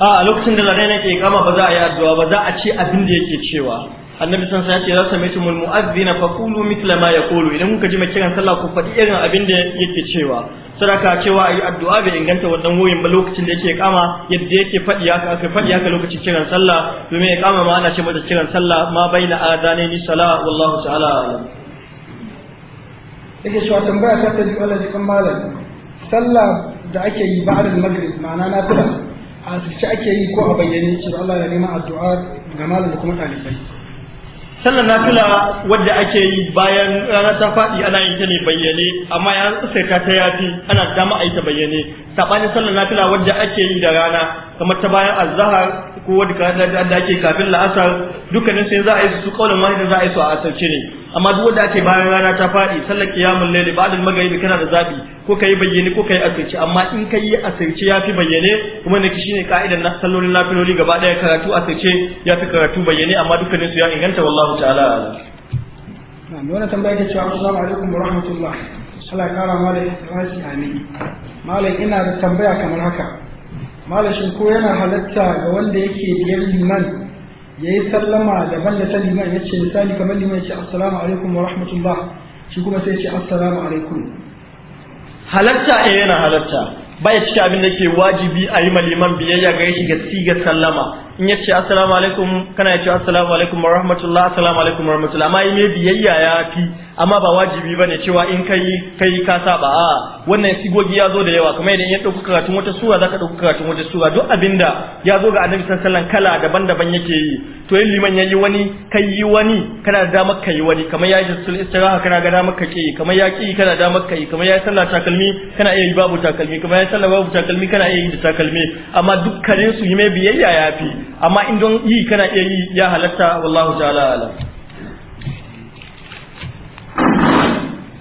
a lokacin da ladaina ke kama ba za a yi addu'a ba za a ce abin da yake cewa annabi san sai ya ce rasa mai tumul fa qulu mithla ma yaqulu idan kuka ji mai kiran sallah ku faɗi irin abin da yake cewa sadaka cewa ayi addu'a bai inganta wannan wuyin ba lokacin da yake kama yadda yake faɗi haka aka faɗi haka lokacin kiran sallah domin ya kama ma ana ce mata kiran sallah ma baina adanaini sala wallahu ta'ala alam yake cewa tambaya ta ta ji Allah ji malam sallah da ake yi ba'da al-maghrib ma'ana na fila asirce ake yi ko a bayyane cewa Allah ya nema addu'a ga malam da kuma ɗalibai sallar nafila wadda ake yi bayan rana ta faɗi ana yin ta ne bayyane amma ya tsaita ta yafi ana dama a yi ta bayyane saɓanin sallar nafila wadda ake yi da rana kamar ta bayan alzahar ko wadda da ake kafin la'asar dukkanin sai za a yi su kaulan da za a yi su a asarci ne amma duk wanda ake bayan rana ta faɗi sallar kiyamul laili ba al-maghribi kana da zabi ko kai bayyane ko kai asirci amma in kai asirci yafi bayyane kuma ne ki shine ka'idan na sallolin lafiloli gaba daya karatu asirce yafi karatu bayyane amma dukkanin su ya inganta wallahu ta'ala alam na'am wannan tambaya ta cewa assalamu alaikum wa rahmatullah Allah ya kara malai rashi amin malam ina da tambaya kamar haka malam shin ko yana halatta ga wanda yake biyar liman ya yi sallama daban da ta liman ya ce misali kamar liman ya ce assalamu alaikum wa rahmatullah shi kuma sai ya ce assalamu alaikum halatta eh yana halatta ba ya cika abin da ke wajibi a yi maliman biyayya ga shi ga sigar sallama in ya ce assalamu alaikum kana ya ce assalamu alaikum wa rahmatullah assalamu alaikum wa rahmatullah amma yi mai biyayya ya fi amma ba wajibi bane cewa in kai kai ka saba a wannan sigogi ya zo da yawa kamar idan ya dauki karatun wata sura zaka dauki karatun wata sura duk abinda ya zo ga annabi sallallahu alaihi wasallam kala daban-daban yake yi to yin liman yayi wani kai yi wani kana da damar kai wani kamar ya yi sul istiraha kana ga damar ka ke kamar ya ki kana da damar kai kamar ya yi sallah takalmi kana iya yi babu takalmi kamar ya yi sallah babu takalmi kana iya yi da takalmi amma dukkanin su yi mai biyayya ya fi amma in don yi kana iya yi ya halatta wallahu ta'ala ala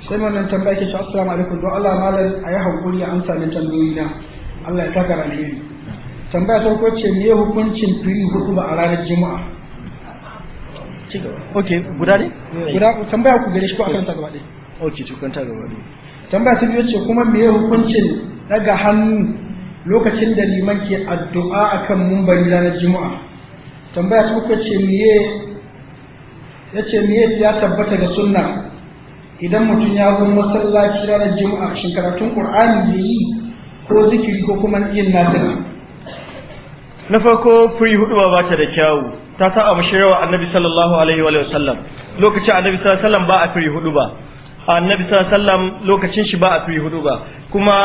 sai wannan tambaya ke cewa assalamu alaikum don Allah malam a yi hankuri an sami tambayoyi na Allah ya saka alheri tambaya ta ko ce me hukuncin firi hudu ba a ranar juma'a ok guda ne guda tambaya ku gare shi ko akan ta gaba ok cikin ta gaba ɗaya tambaya ta biyo ce kuma me hukuncin daga hannu lokacin da liman ke addu'a akan mumbari ranar juma'a tambaya ta kuka ce miye ya ce miye ya tabbata ga sunna idan mutum ya zo masallaci ranar juma'a shin karatun qur'ani da yi ko zikiri ko kuma yin nafila na farko furi hudu ba ta da kyawu ta sa abu shirwa annabi sallallahu alaihi wa sallam lokacin annabi sallallahu alaihi wa sallam ba a firi hudu ba annabi sallallahu alaihi wasallam lokacin shi ba a tuyi hudu ba kuma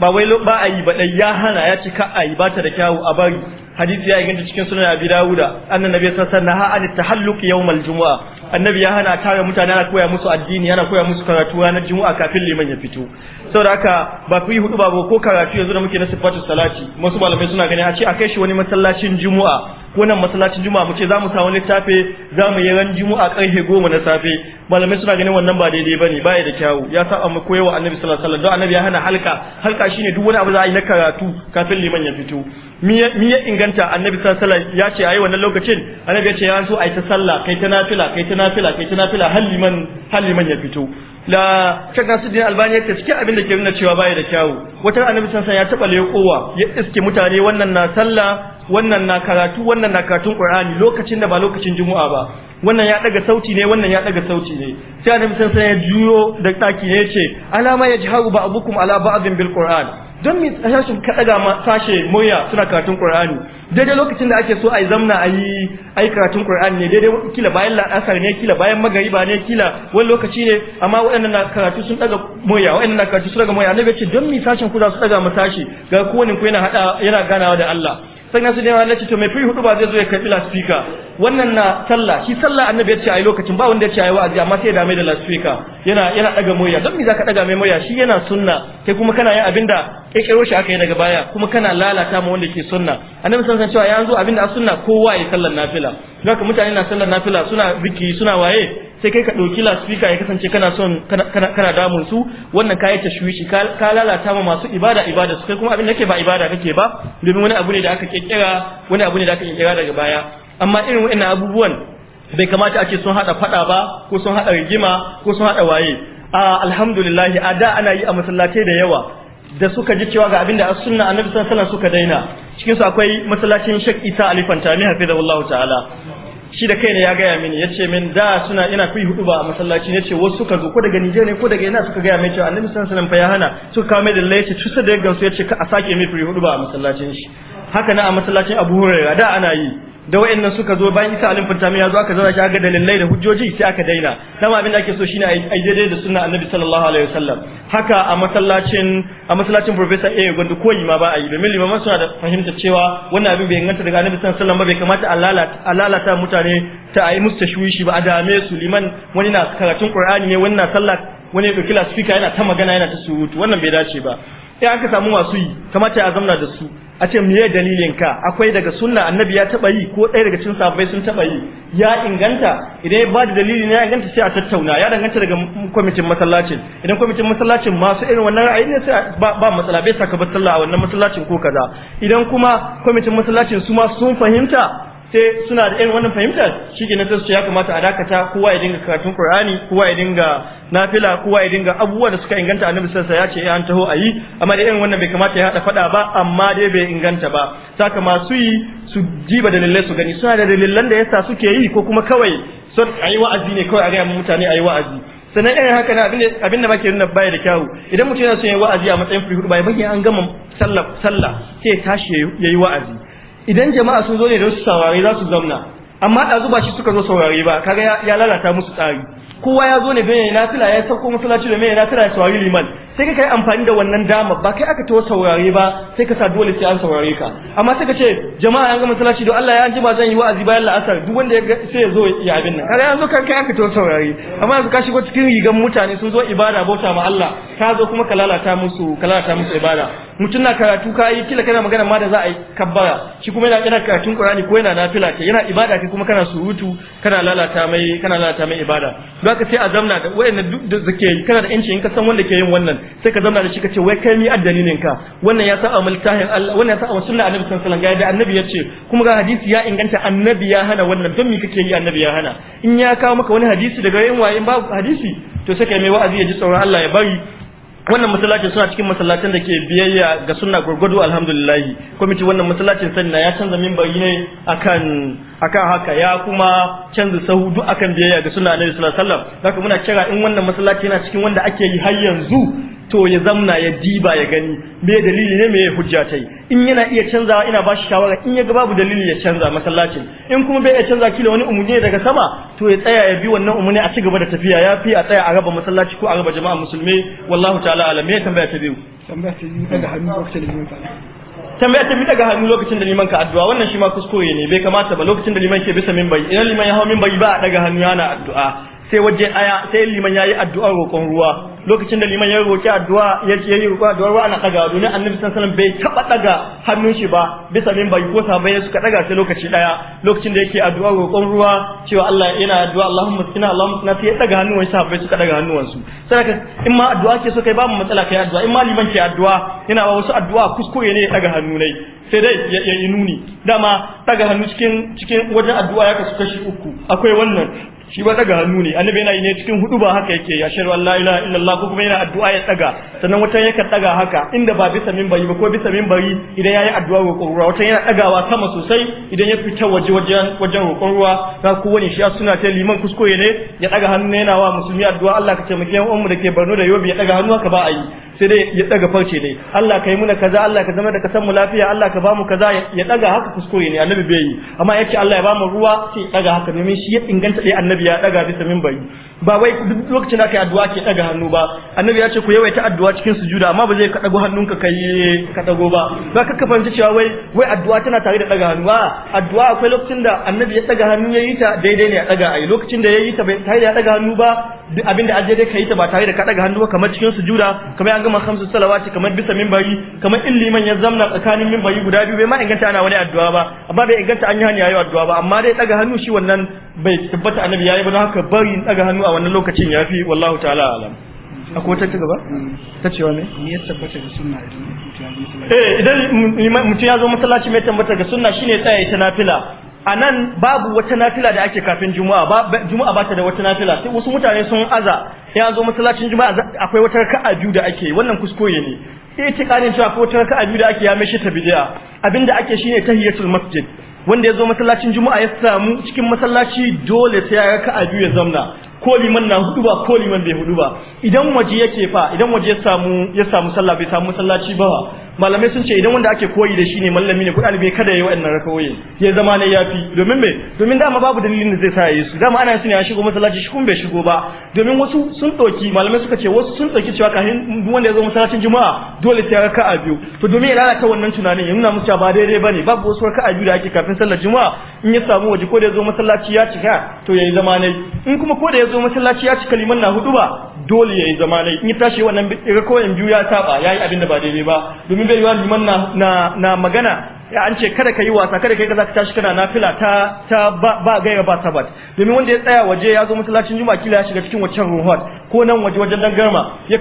ba wai ba a yi ba dai ya hana ya ci ka a yi ba ta da kyawu a bari hadisi ya inganta cikin sunan abi dawuda Annabi nabi sallallahu alaihi wasallam an tahalluq yawmal jumu'a annabi ya hana tare mutane ana koya musu addini ana koya musu karatu ranar jumu'a kafin liman ya fito saboda haka ba fi hudu ba ko karatu yanzu da muke na sifatu salati wasu malamai suna ganin a ce a kai shi wani masallacin jumu'a ko nan masallacin juma'a mu ce za mu samu littafi za mu yi ran juma'a karfe goma na safe malamai suna ganin wannan ba daidai bane ba ya da kyawu ya saba mu koyewa annabi sallallahu alaihi wasallam don annabi ya hana halka halka shine duk wani abu za a yi na karatu kafin liman ya fito mi ya inganta annabi sallallahu alaihi wasallam ya ce ayi wannan lokacin annabi ya ce ya so ayi ta sallah kai ta nafila kai ta nafila kai ta nafila halliman halliman ya fito la shakka albani yake cikin abin da ke nuna cewa baya da kyawu wata annabi sansan ya taba lekowa ya iske mutane wannan na sallah wannan na karatu wannan na karatun qur'ani lokacin da ba lokacin juma'a ba wannan ya daga sauti ne wannan ya daga sauti ne sai annabi sansan ya juyo da daki ne yace alama yajharu ba'dukum ala ba'din bil qur'an don mi tsashin ka daga ma sashe moya suna karatun qur'ani daidai lokacin da ake so a zamna a yi ai karatun kur'ani ne daidai kila bayan la'asar ne kila bayan magariba ne kila wani lokaci ne amma waɗannan na karatu sun daga moya waɗannan na karatu sun daga moya annabi ya ce don mi sashin ku za su daga mu tashi ga kowane ku yana hada yana ganawa da Allah sai na su ne wani to mai fi hudu ba zai zo ya karbi laspika wannan na sallah shi sallah annabi ya ce ai lokacin ba wanda ya ce ai wa'azi amma sai ya dame da laspika yana yana daga moya don me zaka daga mai moya shi yana sunna kai kuma kana yin abinda kirkiro shi aka yi daga baya kuma kana lalata ma wanda ke sunna annabi san san cewa yanzu abinda sunna kowa ya sallar nafila haka mutane na sallar nafila suna biki suna waye sai kai ka ɗauki laspika ya kasance kana son kana damun su wannan kayi tashwishi ka lalata ma masu ibada ibada su kai kuma abin da ke ba ibada kake ba domin wani abu ne da aka kirkira wani abu ne da aka daga baya amma irin wani abubuwan bai kamata ake sun hada fada ba ko sun hada rigima ko sun hada waye a alhamdulillah a da ana yi a masallatai da yawa da suka ji cewa ga abin da sunna annabi sallallahu alaihi wasallam suka daina cikin su akwai masallacin Sheikh Isa Ali da hafizahullahu ta'ala shi da kai ne ya gaya mini yace min da suna ina kai hudu ba a masallaci yace wasu suka zo ko daga Nijar ne ko daga ina suka gaya mai cewa Annabi sallallahu alaihi wasallam fa ya hana suka kawo mai dalilai yace tusa da gansu yace ka a sake mai firi hudu ba a masallacin shi haka na a masallacin Abu Hurairah da ana yi da wayannan suka zo bayan Isa alim fantami ya zo aka zara shi aka dalilai da hujjoji sai aka daina dama abin da ake so shine a daidai da sunna annabi sallallahu alaihi wasallam haka a masallacin a masallacin professor A Gondo koyi ma ba a yi domin limaman suna da fahimta cewa wannan abin bai inganta daga annabi sallallahu alaihi wasallam ba bai kamata a lalata mutane ta a yi musu tashwishi ba a dame su liman wani na karatun Qur'ani ne wani na sallah wani ya dauki yana ta magana yana ta surutu wannan bai dace ba sai aka samu masu yi kamata a zamna da su a ce miye dalilin ka akwai daga sunna annabi ya taba yi ko ɗaya daga cikin sahabbai sun taba yi ya inganta idan ya ba da dalili na ya inganta sai a tattauna ya danganta daga kwamitin masallacin idan kwamitin masallacin masu irin wannan ra'ayi ne sai ba matsala bai saka sallah a wannan masallacin ko kaza idan kuma kwamitin masallacin su ma sun fahimta sai suna da irin wannan fahimta shi ke sai su ya kamata a dakata kowa ya dinga karatun Qur'ani kowa ya dinga nafila kowa ya dinga abubuwa da suka inganta annabi sallallahu alaihi ya ce eh, an taho ayi amma da irin wannan bai kamata ya hada fada ba amma dai bai inganta ba saka masu yi su jiba dalilai su gani suna da dalilan da yasa suke yi ko kuma kawai son ayi wa'azi ne kawai a gaya mutane ayi wa'azi sannan irin haka na abin da ba ke nuna baya da kyawu idan mutum yana son ya yi wa'azi a matsayin free ba ya bayyana an gama sallah sallah sai ya tashi ya yi wa'azi idan jama'a sun zo ne don su saurare za su zamna amma ɗazu zuba shi suka zo saurare ba kaga ya lalata musu tsari kowa ya zo ne don yana nafila ya sauko masallaci da mai nafila ya saurari liman sai ka yi amfani da wannan dama ba kai aka tawo saurare ba sai ka sa dole sai an saurare ka amma sai ka ce jama'a an ga masallaci don Allah ya an jima zan yi wa'azi bayan la'asar duk wanda ya sai ya zo ya abin nan kada yanzu kan kai aka tawo saurare amma yanzu ka shigo cikin rigan mutane sun zo ibada bauta ma Allah ka zo kuma ka lalata musu ka lalata musu ibada mutum na karatu ka yi kila kana magana ma da za a yi kabbara shi kuma yana yana karatun Qur'ani ko yana nafila ce yana ibada kai kuma kana surutu kana lalata mai kana lalata mai ibada don haka sai a zamna da wayannan duk da zake kana da yanci in ka san wanda ke yin wannan sai ka zauna da shi ka ce wai kai mi addalilin ka wannan ya saba tahin Allah wannan ya saba sunna annabi sallallahu alaihi wasallam ga annabi ya ce kuma ga hadisi ya inganta annabi ya hana wannan don me kake yi annabi ya hana in ya kawo maka wani hadisi daga yin wayin babu hadisi to sai kai mai wa'azi ya ji tsoron Allah ya bari wannan masallacin suna cikin masallacin da ke biyayya ga sunna gurgudu alhamdulillah kwamiti wannan masallacin sanna ya canza mimbari ne akan akan haka ya kuma canza sahu duk akan biyayya ga sunna annabi sallallahu alaihi wasallam muna kira in wannan masallaci yana cikin wanda ake yi har yanzu to ya zamna ya diba ya gani me dalili ne me hujja tai in yana iya canzawa ina bashi shawara in ya ga babu dalili ya canza masallacin in kuma bai iya canza kila wani umurni daga sama to ya tsaya ya bi wannan umurni a ci gaba da tafiya ya fi a tsaya a raba masallaci ko a raba jama'a musulmi wallahu ta'ala alam me tambaya ta biyu tambaya ta biyu daga hannu lokacin da liman ka tambaya ta biyu daga hannu lokacin da liman ka addu'a wannan shi ma kuskure ne bai kamata ba lokacin da liman ke bisa minbari idan liman ya hawo minbari ba a daga hannu yana addu'a sai waje aya sai liman yayi addu'ar roƙon ruwa lokacin da liman ya roƙi addu'a ya ce yayi roƙon addu'ar ruwa ana kaga domin annabi sallallahu alaihi wasallam bai taba daga hannun shi ba bisa min bai ko bai suka daga sai lokaci daya lokacin da yake addu'ar roƙon ruwa cewa Allah yana addu'a Allahumma sina Allahumma sina sai ya daga hannuwan shi sabai suka daga hannuwan su saboda in ma addu'a ke so kai ba mu matsala kai addu'a in ma liman ke addu'a yana ba wasu addu'a kuskure ne ya daga hannu sai dai ya yi nuni dama daga hannu cikin cikin wajen addu'a ya kasu kashi uku akwai wannan shi ba daga hannu ne annabi yana yi ne cikin hudu ba haka yake ya shaidu Allah ila illallah ko kuma yana addu'a ya daga sannan wata yakan daga haka inda ba bisa min bari ba ko bisa min bari idan yayi addu'a ga ruwa wata yana dagawa sama sosai idan ya fita waje wajen wajen roƙon ruwa ga wani shi suna ta liman kuskure ne ya daga hannu yana wa musulmi addu'a Allah ka taimake mu da ke Borno da Yobe ya daga hannu haka ba a yi sai dai ya daga farce ne Allah kai muna kaza Allah ka zama da kasan mu lafiya Allah ka bamu kaza ya daga haka kuskure ne annabi bai yi amma yace Allah ya bamu ruwa sai ya daga haka domin shi ya inganta dai annabi ya daga bisa min minbari ba wai duk lokacin da kai addu'a ke daga hannu ba annabi ya ce ku yawaita addu'a cikin sujuda amma ba zai ka dago hannunka kai ka dago ba ba ka fahimci cewa wai wai addu'a tana tare da daga hannu ba addu'a akwai lokacin da annabi ya daga hannu yayi ta daidai ne ya daga ai lokacin da yayi ta bai tare da daga hannu ba duk abin da aje dai kai ta ba tare da ka daga hannu ba kamar cikin sujuda kamar an gama khamsu salawati kamar bisa minbari kamar in liman ya zamna tsakanin minbari guda biyu bai ma inganta ana wani addu'a ba amma bai inganta an yi hani yayi addu'a ba amma dai daga hannu shi wannan bai tabbata annabi yayi ba haka bari daga hannu a wannan lokacin ya fi wallahu ta'ala alam mm. akwai mm. ta gaba ta cewa ne ni ya tabbata ga sunna idan mutum ya zo masallaci eh, mai tabbata ga sunna shine tsaye ta nafila a nan babu wata nafila da ake kafin juma'a juma'a ba ta da wata nafila sai wasu mutane sun aza ya zo masallacin juma'a akwai wata raka'a biyu da ake wannan kuskure ne kanin cewa raka a biyu da ake ya mai shi ta bid'a abinda ake shine tahiyatul masjid wanda ya zo masallacin juma'a ya samu cikin masallaci dole sai ya raka biyu ya zamna ko liman na hudu ba ko liman bai hudu ba idan waje yake fa idan waje ya samu ya samu sallah bai samu masallaci ba malamai sun ce idan wanda ake koyi da shi ne mallami ne ko ɗalibi kada yayi waɗannan rakawoyin ya zama ne yafi domin me domin dama babu dalilin da zai sa yayi su dama ana su ne ya shigo masallaci shi kun bai shigo ba domin wasu sun ɗauki malamai suka ce wasu sun ɗauki cewa kafin wanda ya zo masallacin juma'a dole sai raka'a biyu to domin ya lalata wannan tunanin ya nuna musu cewa ba daidai ba ne babu wasu raka'a biyu da ake kafin sallar juma'a in ya samu waje ko da ya zo masallaci ya cika to yayi zama ne in kuma ko da ya zo masallaci ya cika liman na hudu ba dole ya yi zama lai in ya tashi wannan daga koyan biyu ya saba ya yi abin da ba daidai ba domin bai yiwa liman na, na, magana ya an ce kada ka yi wasa kada ka yi kaza ka tashi kana nafila ta ta ba, ba gaira ba sabat domin wanda ya tsaya waje ya zo masallacin juma'a kila ya shiga cikin waccan ruhat ko nan waje wajen garma ya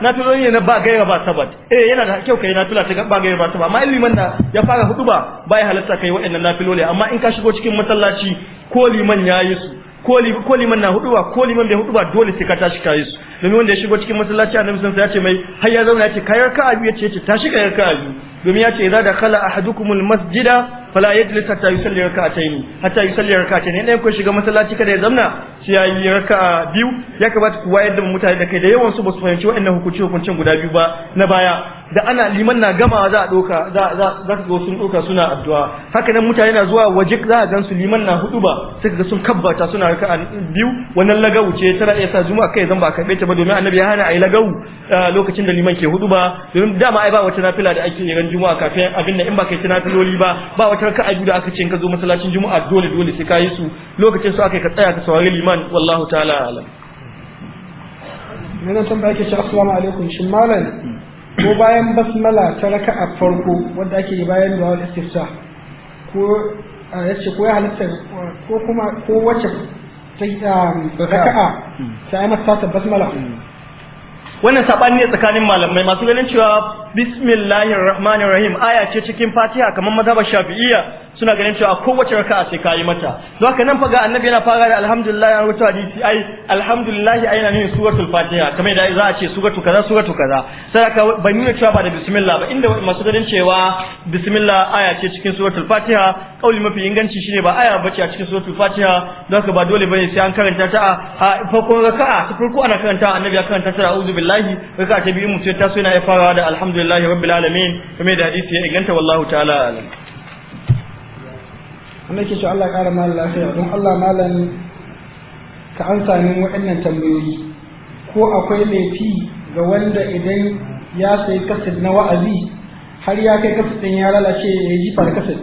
na nafiloli ne na ba gaira ba sabat eh yana da kyau kai nafila ta ba gaira ba sabat amma liman na ya fara huduba ba ya halatta kai waɗannan nafiloli amma in ka shigo cikin masallaci ko liman ya yi su ko liman na huduwa ko liman bai huduwa dole sai ka tashi kayi su domin wanda ya shigo cikin masallaci annabi sun ya ce mai har ya zauna ya ce kayar ka abi ya ce tashi kayar ka abi domin ya ce kala a ahadukumul masjida fala a taini. hatta yusalli rak'atayn hatta a taini. idan ku shiga masallaci kada ya zamna yi raka a biyu ya kamata ku wayar da mutane da kai da yawan su ba su fahimci wa'annan hukunci hukuncin guda biyu ba na baya da ana liman na gama za a ɗauka. za ka ga sun ɗauka suna addu'a haka nan mutane na zuwa waje za a gansu liman na hudu ba ka ga sun kabbata suna a biyu wannan lagawu ce tana iya sa juma'a kai zan ba karbe ta ba domin annabi ya hana yi lagawu eh, lokacin da liman ke hudu ba domin dama ai ba wata nafila da ake yi juma'a kafin abin da in ba kai tunafiloli ba ba wata ka biyu da aka ce in ka zo masallacin juma'a dole dole sai ka yi su lokacin su aka ka tsaya ka saurari liman wallahu ta'ala alam yana tambaya ke shi assalamu alaikum shin malam ko bayan basmala ta raka a farko wanda ake yi bayan da wani istifsah ko yace ko ya halitta ko kuma ko wacce ta um, raka'a hmm. ta yi masa ta basmala hmm. wannan sabani ne tsakanin malamai masu ganin cewa bismillahir rahmanir rahim aya ce cikin fatiha kamar mazhabar shafi'iyya suna ganin cewa kowace raka'a sai kayi mata don haka nan faga annabi yana fara da alhamdulillah ya rubuta hadisi ai alhamdulillah ai yana nuna suratul fatiha kamar da za a ce suratu kaza suratu kaza sai aka ban nuna cewa ba da bismillah ba inda masu ganin cewa bismillah aya ce cikin suratul fatiha kauli mafi inganci shine ba aya bace a cikin suratul fatiha don haka ba dole bane sai an karanta ta a farkon raka'a ta farko ana karanta annabi ya karanta ta a'udhu billahi alhamdulillahi raka ta biyu mutum ta so yana ya farawa da alhamdulillahi rabbil alamin kuma da hadisi ya inganta wallahu ta'ala alam amma yake Allah ƙara malam lafiya don Allah malam ka an sami waɗannan tambayoyi ko akwai laifi ga wanda idan ya sayi kasid na wa'azi har ya kai kasid ɗin ya lalace ya yi jifa da kasid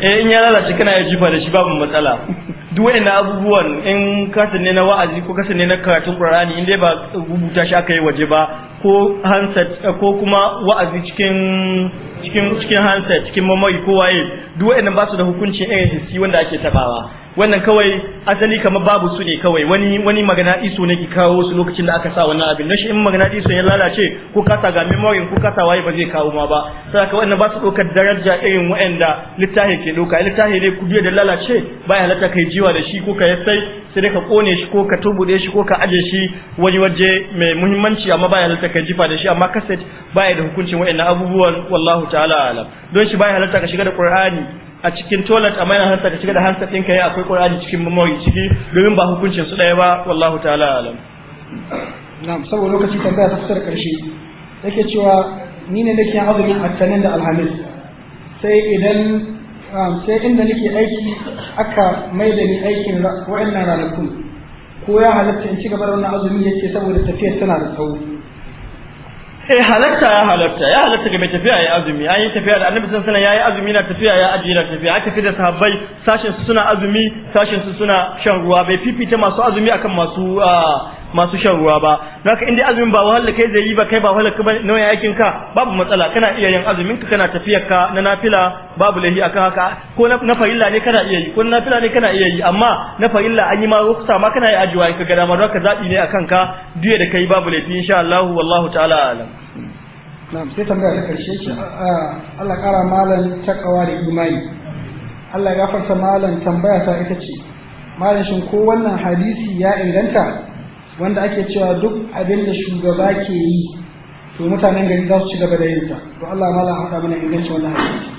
eh in ya lalace kana ya jifa da shi babu matsala duk na abubuwan in kasan ne na wa'azi ko kasan ne na karatun Qur'ani in dai ba rubuta shi aka yi waje ba ko handset ko kuma wa'azi cikin cikin cikin handset cikin mamayi ko waye duk wayannan ba su da hukunci irin hissi wanda ake tabawa wannan kawai asali kamar babu su ne kawai wani wani magana iso ne ki kawo su lokacin da aka sa wannan abin shi in magana iso ya lalace ko kasa ga memory ko kasa waye ba zai kawo ma ba saboda wannan ba su dokar daraja irin wa'anda littafi ke doka littafi ne ku biya da lalace ba ya halatta kai jiwa da shi ko ka sai sai dai ka kone shi ko ka tubude shi ko ka aje shi waje waje mai muhimmanci amma ba ya halatta kai jifa da shi amma kaset ba ya da hukuncin wa'annan abubuwan wallahu ta'ala alam don shi ba ya halatta ka shiga da Qur'ani a cikin toilet a yana hansa ka shiga da hansa ɗinka ya akwai ƙwararri cikin mamawai ciki domin ba hukuncin su ɗaya ba wallahu ta'ala alam na'am saboda lokaci tambaya ta fitar karshe ke cewa ni ne nake azumin attanin da alhamis sai idan um, sai inda nake aiki aka mai da ni aikin wa'annan ranakun ko ya halatta in ci gaba da wannan azumi yace saboda tafiyar tana da tsawo eh halatta ya halatta ya halatta ga mai tafiya ya azumi an yi tafiya da annabi sun alaihi ya yayi azumi na tafiya ya ajiye na tafiya aka tafi da sahabbai sashin su suna azumi sashin su suna shan ruwa bai fifita masu azumi akan masu ah, masu shan ruwa ba naka inda azumin ba wahala kai zai yi ba kai ba wahala ka nawa yakin ka babu matsala kana iya yin azumin ka kana tafiyar ka na nafila babu lahi akan haka ko na farilla ne kana iya yi ko na nafila ne kana iya yi amma na farilla an yi ma rukusa ma kana yi ajiwa in ka ga dama ka zabi ne akan ka duye da kai babu laifi insha Allah wallahu ta'ala alam na'am sai tambaya ta karshe ce Allah kara malan takawa da imani Allah ya gafarta malan tambaya ta ita ce malan shin ko wannan hadisi ya inganta wanda ake cewa duk abin da shugaba ke yi to mutanen gari za su ci gaba da yin ta to Allah a haɗa mana inganci wannan hadisi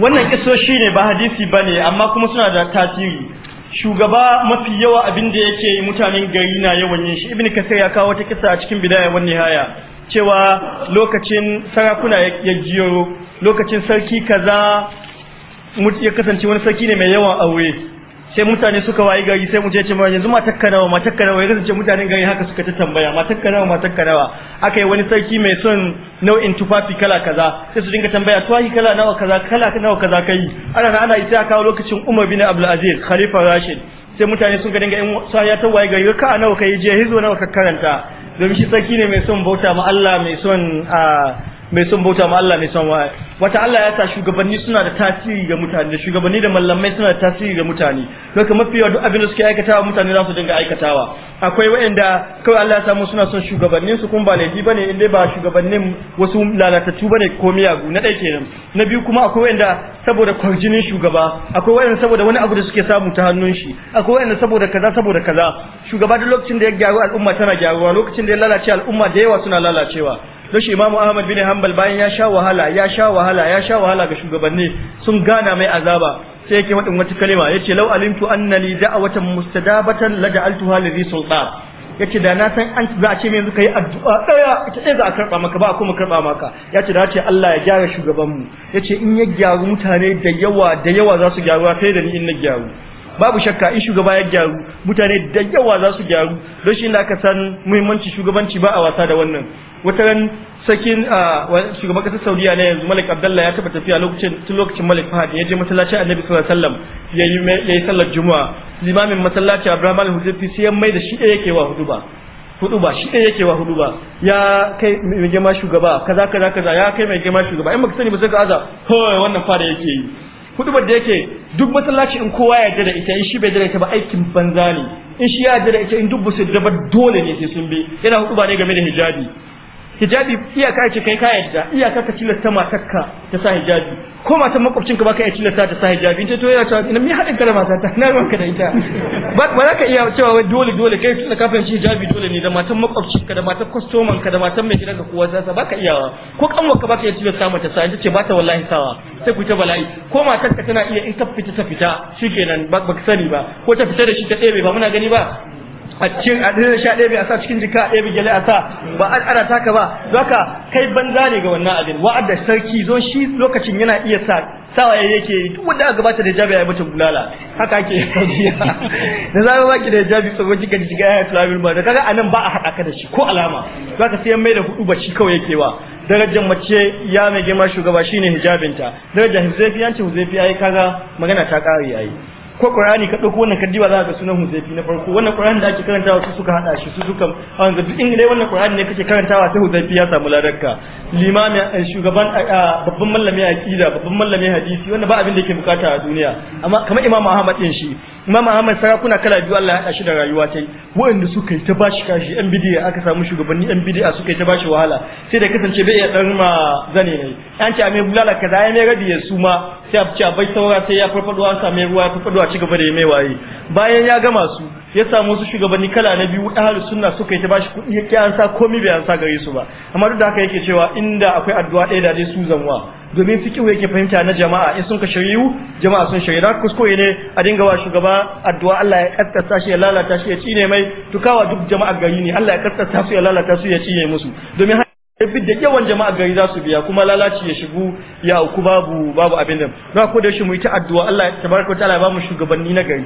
wannan kiso ne ba hadisi bane amma kuma suna da tasiri shugaba mafi yawa abin da yake yi mutanen gari na yawan yin shi ibnu kasir ya kawo wata kisa a cikin bidaya wan nihaya cewa lokacin sarakuna ya jiyo lokacin sarki kaza ya kasance wani sarki ne mai yawan aure sai mutane suka wayi gari sai mu je ce yanzu matakka nawa matakka nawa ya kasance mutanen gari haka suka ta tambaya matakka nawa matakka nawa aka yi wani sarki mai son nau'in tufafi kala kaza sai su dinga tambaya tuwahi kala nawa kaza kala nawa kaza kai ana na ana ita kawo lokacin Umar bin Abdul Aziz Khalifa Rashid sai mutane suka dinga in ya ta wayi gari ka nawa kai je hizo nawa ka karanta domin shi sarki ne mai son bauta ma Allah mai son a ah, mai son bauta ma Allah mai son waye wata Allah ya sa shugabanni suna da tasiri ga mutane da shugabanni da mallamai suna da tasiri ga mutane kuma mafi yawa duk abin da suke aikatawa mutane za su dinga aikatawa akwai waɗanda kawai Allah ya samu suna son shugabannin su kuma ba laifi bane in dai ba shugabannin wasu lalatattu bane ko miyagu na ɗaya kenan na biyu kuma akwai waɗanda saboda kwarjinin shugaba akwai waɗanda saboda wani abu da suke samu ta hannun shi akwai waɗanda saboda kaza saboda kaza shugaba duk lokacin da ya gyaru al'umma tana gyaruwa lokacin da ya lalace al'umma da yawa suna lalacewa don shi imamu ahmad bin hanbal bayan ya sha wahala ya sha wahala ya sha wahala ga shugabanni sun gana mai azaba sai yake wadin wata kalima yace law alimtu anna li da'watan mustadabatan la ja'altuha li sultan yace da na san an za a ce mai yanzu kai addu'a daya ita ce za a karba maka ba kuma karba maka yace da ce Allah ya gyara shugaban mu yace in ya gyaru mutane da yawa da yawa za su gyaru kai da ni in na gyaru babu shakka in shugaba ya gyaru mutane da yawa za su gyaru don shi aka san muhimmanci shugabanci ba a wasa da wannan wata ran sakin shugaban kasar saudiya na yanzu malik Abdullahi ya taba tafiya lokacin tun lokacin malik fahad ya je masallacin annabi sallallahu alaihi wasallam ya yi sallar juma'a limamin masallacin abraham al-hudufi sai ya mai da shi ɗaya yake wa huduba huduba shi ɗaya yake wa huduba ya kai mai girma shugaba kaza kaza kaza ya kai mai girma shugaba in baka sani ba sai ka aza kawai wannan fara yake yi hudubar da yake duk masallaci in kowa ya da ita in shi bai da ita ba aikin banza ne in shi ya da ita in duk ba su ba dole ne sai sun bi yana huduba ne game da hijabi hijabi iyaka ce kai ka yadda iyaka ka tilasta matarka ta sa hijabi ko matar makwabcinka baka iya tilasta ta sa hijabi in to yana cewa ina me haɗin kare mata ta na ruwanka da ita ba za ka iya cewa wai dole dole kai tunda ka fahimci hijabi dole ne da matar makwabcinka da matan kwastoman ka da matan mai gidanka kowa ta sa baka iyawa ko kanwarka baka iya tilasta mata sa ita ce ba ta wallahi sawa sai ku ta bala'i ko matarka tana iya in ta fita ta fita shikenan ba ka sani ba ko ta fita da shi ta ɗebe ba muna gani ba a cikin a ɗaya sha ɗaya a sa cikin jika a ɗaya gyale a sa ba an ara taka ba zaka kai banza ne ga wannan abin da sarki zo shi lokacin yana iya sa sawa ya yake duk wanda aka bata da hijabi ai mutum bulala haka ake saudiya da zama baki da hijabi tsoron kika ji ga ba da kaga anan ba a hada ka da shi ko alama zaka sai mai da hudu ba shi kawai yake wa darajar mace ya mai girma shugaba shine hijabinta darajar huzaifiyanci huzaifi ai kaga magana ta kare yayi ko Qur'ani ka dauko wannan kaddiba za ka ga sunan Huzaifi na farko wannan Qur'ani da ake karantawa su suka hada shi su suka an ga duk inda wannan Qur'ani ne kake karantawa sai Huzaifi ya samu ladarka limami eh, shugaban eh, eh, babban mallami aqida babban mallami hadisi wannan ba abin da yake bukata a duniya amma kamar Imam Ahmad din shi Imam Ahmad sarakuna kala biyu Allah ya hada shi da rayuwa tai wanda suka yi ta bashi kashi yan bidiya aka samu shugabanni yan bidiya suka yi ta bashi wahala sai da kasance bai iya dan ma zane ne an ce a bulala kaza ya mai rabi ya suma sai a bai saura sai ya farfado an same ruwa ya farfado a cigaba da mai waye bayan ya gama su ya samu wasu shugabanni kala na biyu ahlu sunna suka yi ta bashi kuɗi ya an sa komai bai an sa gare su ba amma duk da haka yake cewa inda akwai addu'a ɗaya da dai su zanwa domin fikihu yake fahimta na jama'a in sun ka shari'u jama'a sun shari'a kuskure ne a dinga wa shugaba addu'a Allah ya kaskasa shi ya lalata shi ya cine mai tukawa duk jama'a gari ne Allah ya kaskasa su ya lalata su ya cine musu domin da yawan jama'a gari za su biya kuma lalaci ya shigo ya auku babu babu abin da na ko shi mu yi ta addu'a Allah tabaraka wa ta'ala ba mu shugabanni na gari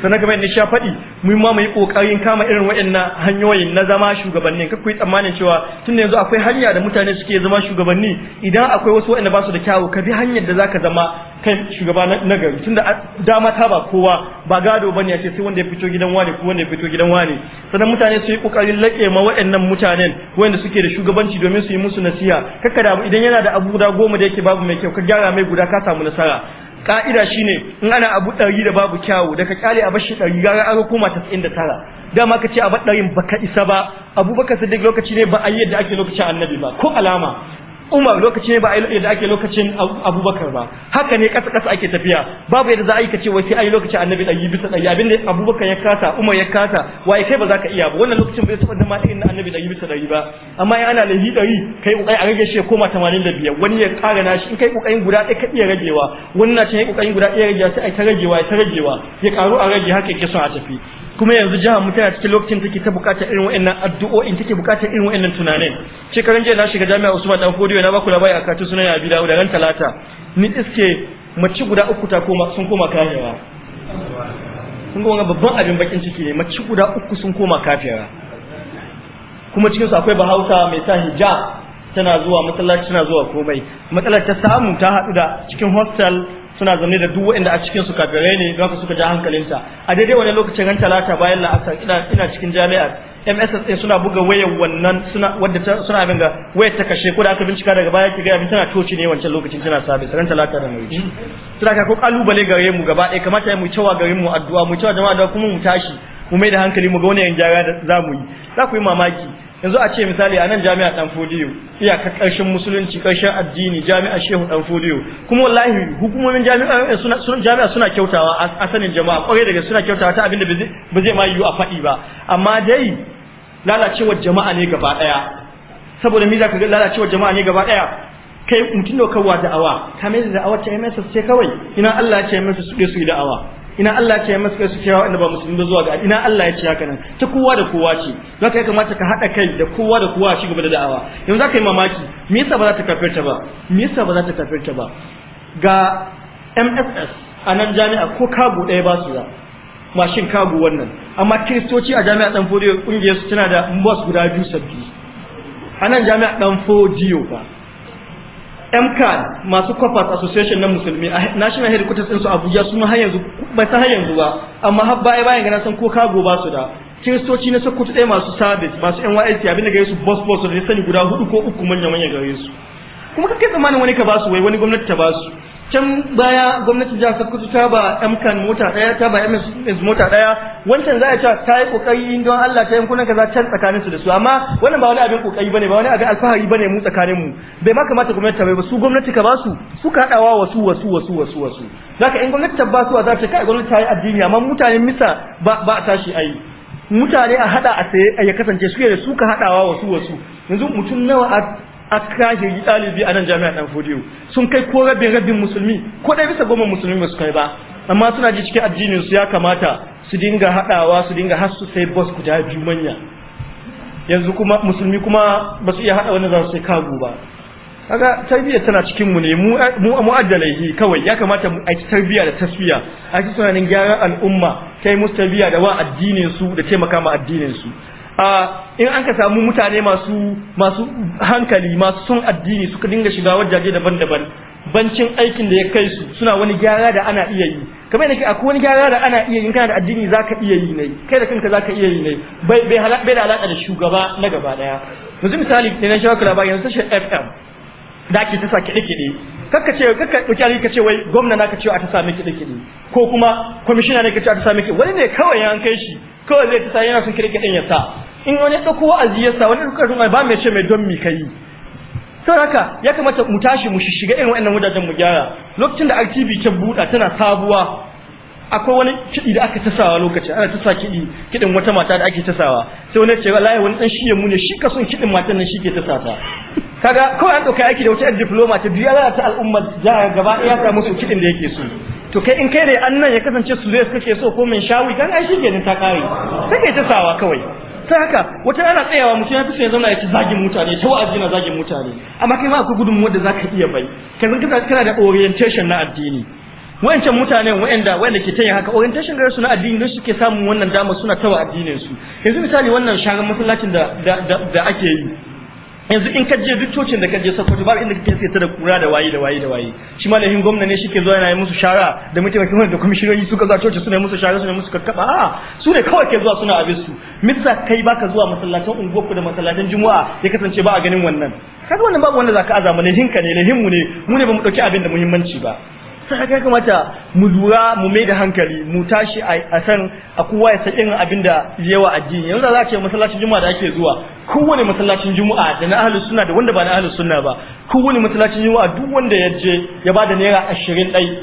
sannan kamar yadda sha faɗi mu ma mu yi kokarin kama irin waɗannan hanyoyin na zama shugabanni kai ku yi tsammanin cewa tun yanzu akwai hanya da mutane suke zama shugabanni idan akwai wasu waɗanda ba su da kyawu ka bi hanyar da zaka zama kan shugaba na gari tunda dama ta ba kowa ba gado bane ce sai wanda ya fito gidan wani ko wanda ya fito gidan wani sannan mutane su yi kokarin laƙe ma waɗannan mutanen waɗanda suke da shugabanci domin su yi musu nasiha kaka da idan yana da abu guda goma da yake babu mai kyau ka gyara mai guda ka samu nasara ka'ida shine in ana abu ɗari da babu kyawu da ka kyale a bashi ɗari gara an koma tasa'in da tara dama ka ce a bar ɗarin baka isa ba abubakar sadiq lokaci ne ba a yadda ake lokacin annabi ba ko alama Umar lokacin ba a yi da ake lokacin Abubakar ba haka ne kasa kasa ake tafiya babu yadda za a yi kace wai sai a yi lokacin Annabi ɗari bisa ɗari abin da Abubakar ya kasa Umar ya kasa waye kai ba za ka iya ba wannan lokacin bai taɓa dama irin na Annabi ɗari bisa ɗari ba amma in ana lahi ɗari kai ƙoƙari a rage shi ya koma tamanin da biyar wani ya ƙara nashi in kai ƙoƙarin guda ɗaya ka iya ragewa wannan na can ya ƙoƙarin guda ɗaya ragewa sai a ta ragewa ta ragewa ya ƙaru a rage haka yake son a tafi kuma yanzu jihar mu tana cikin lokacin take ta bukatar irin wa'annan addu'o'in take bukatar irin wa'annan tunanin shekaran jiya na shiga jami'a Usman Dan Fodiyo na baku labari a katu sunan Abi da ran talata ni iske mace guda uku ta koma sun koma kafira sun koma babban abin bakin ciki ne mace guda uku sun koma kafira kuma cikin su akwai Bahausa mai sa hijab tana zuwa matsalar tana zuwa komai matsalar ta samu ta haɗu da cikin hostel suna zaune da duk waɗanda a cikin su kafirai ne don suka ja hankalinta a daidai wani lokacin ran talata bayan la'asar ina ina cikin jami'a MSS ɗin suna buga wayar wannan suna wadda ta suna abin ga wayar ta kashe ko da aka bincika daga baya ki ga abin tana toci ne wancan lokacin tana sabe ran talata da mai tana ka ko kalubale gare mu gaba ɗaya kamata mu cewa gare mu addu'a mu cewa jama'a da kuma mu tashi mu mai da hankali mu ga wani yan gyara da za mu yi za ku yi mamaki yanzu a ce misali a nan jami'a dan fodiyo iyaka karshen musulunci karshen addini jami'a shehu dan fodiyo kuma wallahi hukumomin jami'a eh, suna jami'a suna kyautawa a sanin jama'a kwarai daga suna kyautawa ta abinda ba zai ma yiwu a fadi ba amma dai lalacewar jama'a ne gaba daya saboda me zaka ga lalacewar jama'a ne gaba daya kai mutun da kawa da'awa kamar da'awar ta MSS ce kawai ina Allah ya ce masa su su da'awa ina Allah ya ce masu kai su cewa inda ba musulmi ba zuwa ga ina Allah ya ce haka nan ta kowa da kowa ce zaka ya kamata ka haɗa kai da kowa da kowa shi gaba da da'awa yanzu zaka yi mamaki me yasa ba za ta ta ba me yasa ba za ta ta ba ga MSS a nan jami'a ko kago ɗaya ba su da mashin kago wannan amma kiristoci a jami'a ɗan fodiyo ƙungiyar su tana da mbos guda biyu sabbi a nan jami'a ɗan fodiyo ba MCAD masu Coppers Association na Musulmi a National Headquarters ɗinsu Abuja su har yanzu bai san har ba amma har baya bayan gana san ko kago ba su da kiristoci na Sokoto ɗaya masu sabis masu NYSC abin da gare su bus bus da sani guda hudu ko uku manya manya gare su kuma kake tsammanin wani ka ba su wai wani gwamnati ta ba su can baya gwamnatin jihar Sokoto ta ba MCAN mota daya ta ba MS mota daya wancan za a ce ta yi kokari don Allah ta yankunan kaza can tsakanin su da su amma wannan ba wani abin kokari bane ba wani abin alfahari bane mu tsakanin mu bai ma kamata gwamnati ta bai ba su gwamnati ka ba su su ka dawa wasu wasu wasu wasu wasu zaka in gwamnati ta ba su za ta kai gwamnati ta yi addini amma mutanen misa ba ba tashi ai mutane a hada a sai ya kasance su da su ka hadawa wasu wasu yanzu mutum nawa aka ɗalibi a nan jami'a ɗan fodiyo sun kai ko rabin rabin musulmi ko ɗaya bisa goma musulmi ba su kai ba amma suna ji cikin addinin su ya kamata su dinga haɗawa su dinga har sai bus guda biyu manya yanzu kuma musulmi kuma ba su iya haɗa wani za su sai kago ba kaga tarbiyya tana cikin mu ne mu mu'addalaihi kawai ya kamata mu aiki tarbiyya da tasfiya aiki tunanin gyaran al'umma kai musu tarbiyya da wa addinin su da taimaka ma addinin su in an ka samu mutane masu masu hankali masu son addini suka dinga shiga wajaje daban-daban bancin aikin da ya kai su suna wani gyara da ana iya yi kamar yadda akwai wani gyara da ana iya yi kana da addini zaka iya yi ne kai da kanka zaka iya yi ne bai bai da alaka da shugaba na gaba daya yanzu misali ne na shawaka labari yanzu tashar FM da ake ta sa kiɗe-kiɗe kakka ce kakka ɗauki alhaki kace wai gwamna na kace a ta sami kiɗe-kiɗe ko kuma kwamishina ne kace a ta sami kiɗe wani ne kawai an kai shi kawai zai ta sa yana son kiɗe-kiɗen ya sa in wani ɗauko kowa a sa wani ɗauko sun ba mai ce mai don mi kai sau haka ya kamata mu tashi mu shiga irin wa'annan wajajen mu gyara lokacin da rtv ta buɗa tana sabuwa akwai wani kiɗi da aka tasawa lokacin ana tasa kiɗi kiɗin wata mata da ake tasawa sai wani ce wallahi wani dan shi ya mune shi ka son kiɗin matan nan shike tasa ta kaga kawai an dauka aiki da wata diploma ta biya za ta al'umma jihar gaba ɗaya ta musu kiɗin da yake so to kai in kai da annan ya kasance su kake so ko min shawi kan ai shike ta kare sai ke tasawa kawai ta haka wata yana tsayawa mutum ya fi so ya zauna ya ci zagin mutane ta wa'azi na zagin mutane amma kai ma akwai wanda za ka iya bai ka zan kana da orientation na addini wayancan mutanen wayanda wayanda ke tanya haka orientation gare su na addini don suke samun wannan dama suna wa addinin su yanzu misali wannan sharan masallacin da ake yi yanzu in ka je duk cocin da ka je sokoto babu inda kake sai da kura da waye da waye da waye shi malamin gwamna ne shike zuwa yana yi musu shara da mataimakin da kwamishinoni suka zuwa coci suna yi musu shara suna musu kakkaba a su ne kawai ke zuwa suna abin su mitsa kai baka zuwa masallacin unguwarku da masallacin juma'a ya kasance ba a ganin wannan kaga wannan babu wanda zaka azama ne hinka ne ne ne mu ne bamu dauki abin da muhimmanci ba saka ya kamata mu lura mu mai da hankali mu tashi a san a kowa ya san irin abin da yawa addini yanzu za a ce masallacin juma'a da ake zuwa kowane masallacin juma'a da na ahlus sunna da wanda ba na ahlus sunna ba kowane masallacin juma'a duk wanda ya je ya bada naira ashirin dai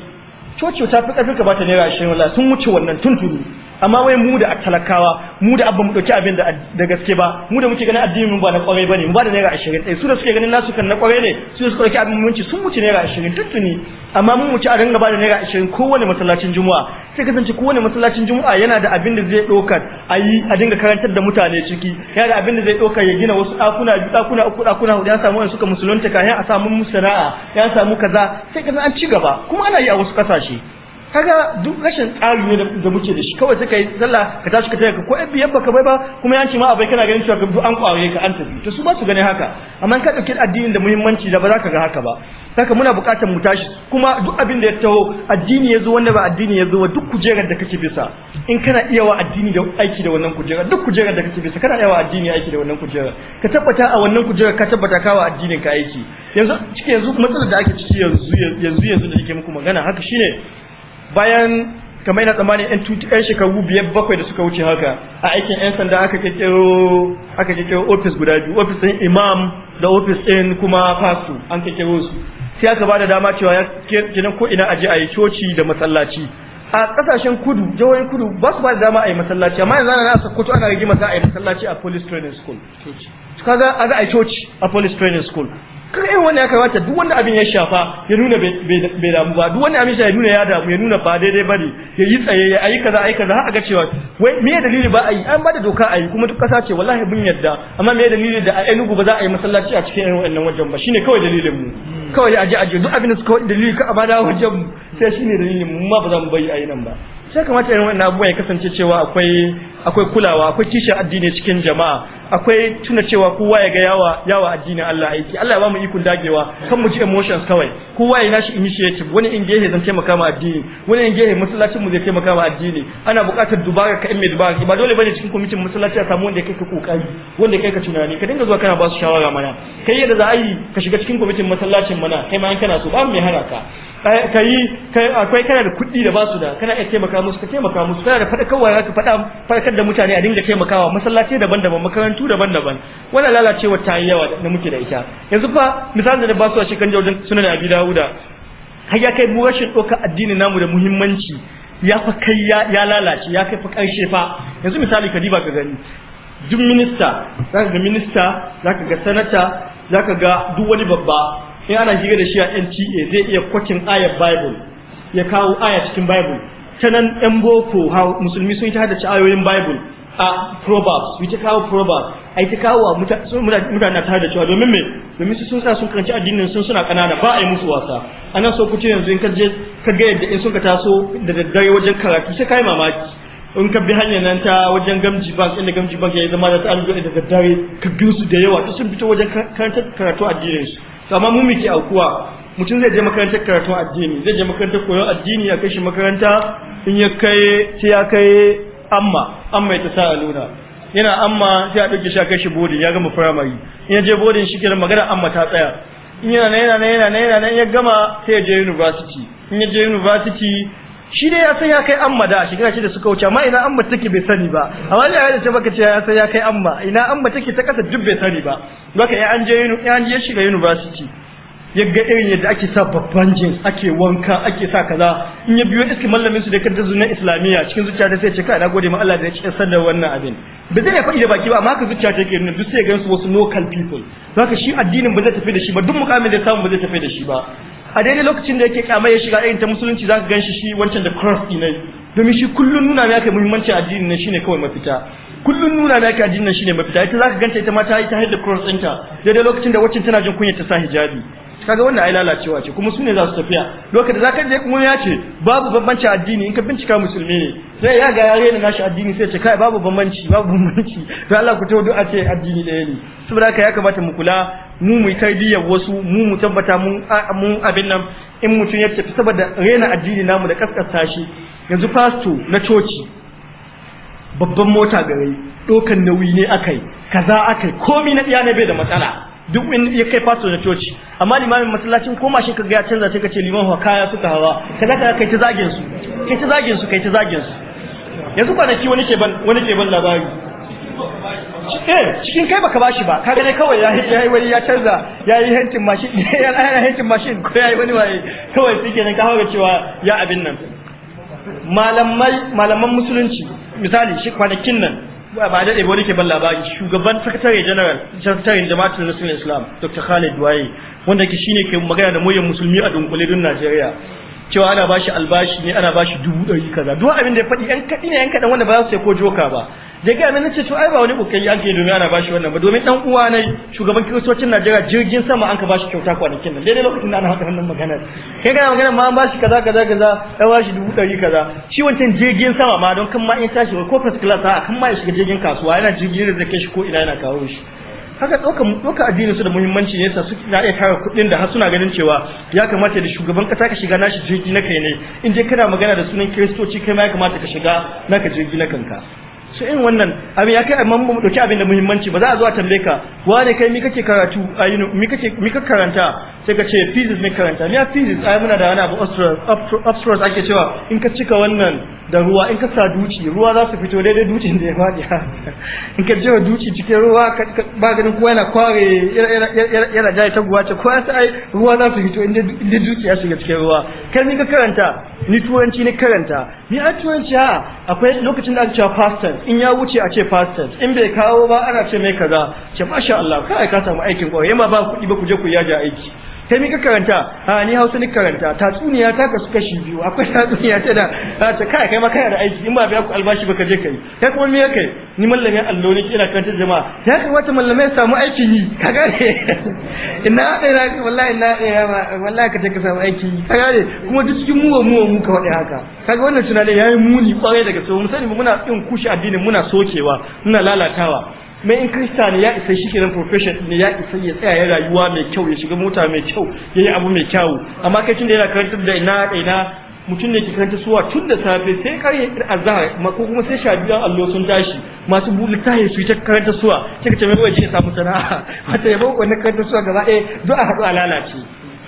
coci ta fi ƙarfi ka bata naira ashirin wallahi sun wuce wannan tuntuni amma wai mu da talakawa mu da abba mu dauki abin da gaske ba mu da muke ganin addini mun ba na kwarai bane mu ba da naira 20 ɗaya eh, su da suke ganin nasu kan na kwarai ne su su dauki abin ci sun wuce naira 20 tuttuni amma mun ci a dinga ba da naira 20 kowane masallacin juma'a sai kasance kowane masallacin juma'a yana da abin da zai ɗaukar a yi a dinga karantar da mutane ciki yana da abin da zai ɗaukar ya gina wasu ɗakuna dakuna uku dakuna hudu ya samu wani suka musulunta kayan a samu musana'a ya samu kaza sai kaza an ci gaba kuma ana yi a wasu kasashe kaga duk rashin tsari ne da muke da shi kawai sai kai sallah ka tashi ka tayar ko ai biyar baka bai ba kuma yanci ma abai kana ganin cewa duk an kware ka an tafi to su ba su gane haka amma ka dauki addinin da muhimmanci da ba za ka ga haka ba saka muna bukatar mu tashi kuma duk abin da ya taho addini ya zo wanda ba addini ya zo duk kujerar da kake bisa in kana iya wa addini da aiki da wannan kujerar duk kujerar da kake bisa kana iya wa addini aiki da wannan kujerar ka tabbata a wannan kujerar ka tabbata ka wa addinin ka aiki yanzu cikin yanzu matsalar da ake ciki yanzu yanzu yanzu da nake muku magana haka shine bayan kamar yana tsammani yan yan shekaru biyar bakwai da suka wuce haka a aikin yan sanda aka kekkero aka ofis guda biyu ofis ɗin imam da ofis ɗin kuma fasto an kekkero su sai aka bada dama cewa ya kenan ko ina aje a yi coci da masallaci a kasashen kudu jihohin kudu ba su ba da dama a yi masallaci amma yanzu ana kotu ana rigima za a yi masallaci a police training school kaga a za a yi coci a police training school kar irin wannan ya kamata duk wanda abin ya shafa ya nuna bai damu ba duk wanda abin ya nuna ya damu ya nuna ba daidai ba ne ya yi tsaye ya ayi kaza ayi kaza a ga cewa wai me ya dalili ba ayi an bada doka ayi kuma duk kasa ce wallahi bin yadda amma me ya dalili da a Enugu ba za a yi masallaci a cikin irin wannan wajen ba shine kawai dalilin mu kawai aje aje duk abin da suka dalili ka abada wajen sai shine dalilin mu ma ba za mu a yi nan ba sai kamata irin wannan abubuwan ya kasance cewa akwai akwai kulawa akwai kishin addini cikin jama'a akwai tuna cewa kowa ya ga yawa yawa addinin Allah aiki Allah ya ba mu ikon dagewa kan mu ji emotions kawai kowa ya nashi initiative wani in gehe zan taimaka ma addini wani in gehe masallacin mu zai taimaka ma addini ana buƙatar dubara ka in mai dubara ba dole bane cikin committee masallaci a samu wanda kai ka kokari wanda kai ka tunani ka dinga zuwa kana ba su shawara mana kai yadda za a yi ka shiga cikin committee masallacin mana kai ma in kana so ba mu mai haraka ka yi akwai kana da kuɗi da basu da kana iya taimaka musu ka taimaka musu kana da faɗakarwa ka faɗa faɗakar da mutane a dinga taimakawa masallaci daban-daban makarantu daban-daban wannan lalacewar ta yi yawa da muke da ita yanzu fa misalin da ba su a shekan jaujin sunan abi dawuda har ya kai mu rashin ɗaukar addini namu da muhimmanci ya fa kai ya lalace ya kai fa ƙarshe fa yanzu misali ka diba ka gani duk minista za ka ga minista za ka ga sanata za ka ga duk wani babba in ana hira da shi a nta zai iya kwakin ayar bible ya kawo aya cikin bible ta nan ɗan boko musulmi sun yi ta haddace ayoyin bible a proverbs yi ta kawo proverbs yi ta kawo wa mutane na ta haddace cewa domin me domin su sun sa sun karanci addinin sun suna kanana ba a yi musu wasa anan sau kuce yanzu in ka je ka ga yadda in ka taso da daddare wajen karatu sai kai mamaki in ka bi hanyar nan ta wajen gamji bank inda gamji bank ya zama da ta alƙawari da daddare ka bi su da yawa ta sun fito wajen karatu addinin su amma mu muke aukuwa mutum zai je makarantar karatun addini zai je makarantar koyon addini a kai shi makaranta in ya kai sai ya kai amma amma ya ta sa a nuna. yana amma sai a ɗauke shi a kai shi bodin ya gama firamare in ya je bodin shi kira magana amma ta tsaya in yana yana yana yana ya gama sai ya je university in ya je university shi dai ya san ya kai amma da shekara shi da suka wuce amma ina amma take bai sani ba a da ya ce baka ce ya san ya kai amma ina amma take ta kasa duk bai sani ba baka ya an je ya an je shiga university ya ga irin yadda ake sa babban jeans ake wanka ake sa kaza in ya biyo iski mallamin su da kanta zuna islamiyya cikin zuciya da sai ce kai na gode ma Allah da ya ci da wannan abin ba zai faɗi da baki ba amma ka zuciya take nuna duk sai ga su wasu local people zaka shi addinin ba zai tafi da shi ba duk mukamin da samu ba zai tafi da shi ba a daidai lokacin da yake kyamar ya shiga irin ta musulunci zaka ganshi shi wancan da cross ne domin shi kullun nuna mai aka muhimmancin addinin nan shine kawai mafita kullun nuna mai aka addinin nan shine mafita ita zaka ganta ita ma ta yi ta haida cross ɗinta daidai lokacin da waccan tana jin kunya ta sa hijabi kaga wannan ai lalacewa ce kuma sune za su tafiya lokacin da zaka je kuma ya ce babu bambanci addini in ka bincika musulmi ne sai ya ga yare ne nashi addini sai ce kai babu bambanci babu bambanci to Allah ku tawo a ce addini ɗaya ne saboda haka ya kamata mu kula mu mu tarbiyyar wasu mu mu tabbata mun mun abin nan in mutum ya tafi saboda rena addini namu da kaskasta shi yanzu fasto na coci babban mota gare dokan nauyi ne akai kaza akai komi na ɗaya ne bai da matsala duk in ya kai fasto da coci amma limamin masallacin koma shi kaga ya canza sai ka ce liman hawaya suka hawa kaza kaza kai ta zagin su kai ta zagin su kai ta zagin su yanzu kwanaki wani ke ban wani ke ban labari eh cikin kai baka bashi ba kaga dai kawai ya yi wani ya canza ya yi machine mashin ya yi hentin mashin ko ya yi wani waye kawai sai kenan ka hawa cewa ya abin nan malamai malaman musulunci misali shi kwanakin nan ba daɗe ba wani ke ban labari shugaban sakatare general sakataren jama'atul nasarar islam dr khalid waye wanda ke shine ke magana da muyan musulmi a dunkule dun najeriya cewa ana bashi albashi ne ana bashi dubu ɗari kaza duk abin da ya faɗi yan kaɗi ne yan kaɗan wanda ba za su sai ko joka ba da ga na ce to ai ba wani kokari an kai domin ana bashi wannan ba domin dan uwa ne shugaban kiristocin Najeriya jirgin sama an ka bashi kyauta kwanakin nan daidai lokacin da ana haɗa wannan magana kai kana magana ma an bashi kaza kaza kaza ya bashi dubu ɗari kaza shi wancan jirgin sama ma don kan ma in tashi ko first class a kan ma ya shiga jirgin kasuwa yana jirgin da zai kai shi ko ina yana kawo shi haka ɗaukar ɗauka addinin su da muhimmanci ne sa suke na iya kawo kuɗin da har suna ganin cewa ya kamata da shugaban kasa ka shiga nashi jirgi na kai ne in je kana magana da sunan kiristoci kai ma ya kamata ka shiga naka jirgi na kanka su in wannan abin ya kai amma mu dauki abin da muhimmanci ba za a zo a tambaye ka wane kai mi kake karatu a mi kake mi ka karanta sai ka ce physics ne karanta ni physics ai muna da wani abu obstrus ake cewa in ka cika wannan da ruwa in ka sa duci ruwa za su fito daidai ducin da ya faɗi in ka jiwa duci cikin ruwa ba ganin kowa yana kware yana jaye ta guwace ko ya sai ruwa za su fito inda duci ya shiga cikin ruwa kai mi ka karanta ni turanci ne karanta ni a turanci ha akwai lokacin da ake cewa past tense in ya wuce a ce past in bai kawo ba ana ce mai kaza ce masha Allah kai ka samu aikin koyi ma ba kuɗi ba ku je ku yaje aiki sai mika karanta a ni hausa ni karanta tatsuniya ta kasu kashi biyu akwai tatsuniya ta da ta kai kai ma da aiki in ba biya ku albashi baka je kai kai kuma me kai ni mallamin allo ne ina karanta jama'a ya kamata mallamai ya samu aiki yi ka gane ina ina wallahi ina wallahi ka je ka samu aiki ka gane kuma duk cikin muwa muwa mu ka wadai haka kaga wannan tunanin yayi muni kwarai daga so mun sani muna yin kushi addinin muna sokewa muna lalatawa mai in krista ne ya isa shi kenan profession ne ya isa ya tsaya ya rayuwa mai kyau ya shiga mota mai kyau ya yi abu mai kyau amma kai tun da yana karantar da ina da ina mutum ne ke karanta suwa tun da safe sai karye ma ko kuma sai sha biyu allo sun tashi masu buɗe littafi su ta karanta suwa kika ka ce mai wajen ya samu sana'a wata ya bawa karanta suwa gaba ɗaya duk a haɗu a lalace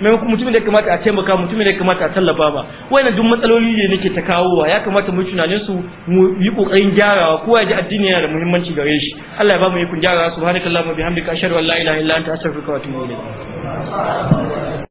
mutumin da kamata a taimaka mutumin da kamata a tallafa ba wannan duk matsaloli ne nake ta kawowa ya kamata mu tunanin su mu yi kokarin gyarawa kowa ya ji addini yana da muhimmanci gare shi Allah ya ba mu yi kun gyarawa subhanakallahumma bihamdika ashhadu an la ilaha illa anta astaghfiruka wa atubu ilayk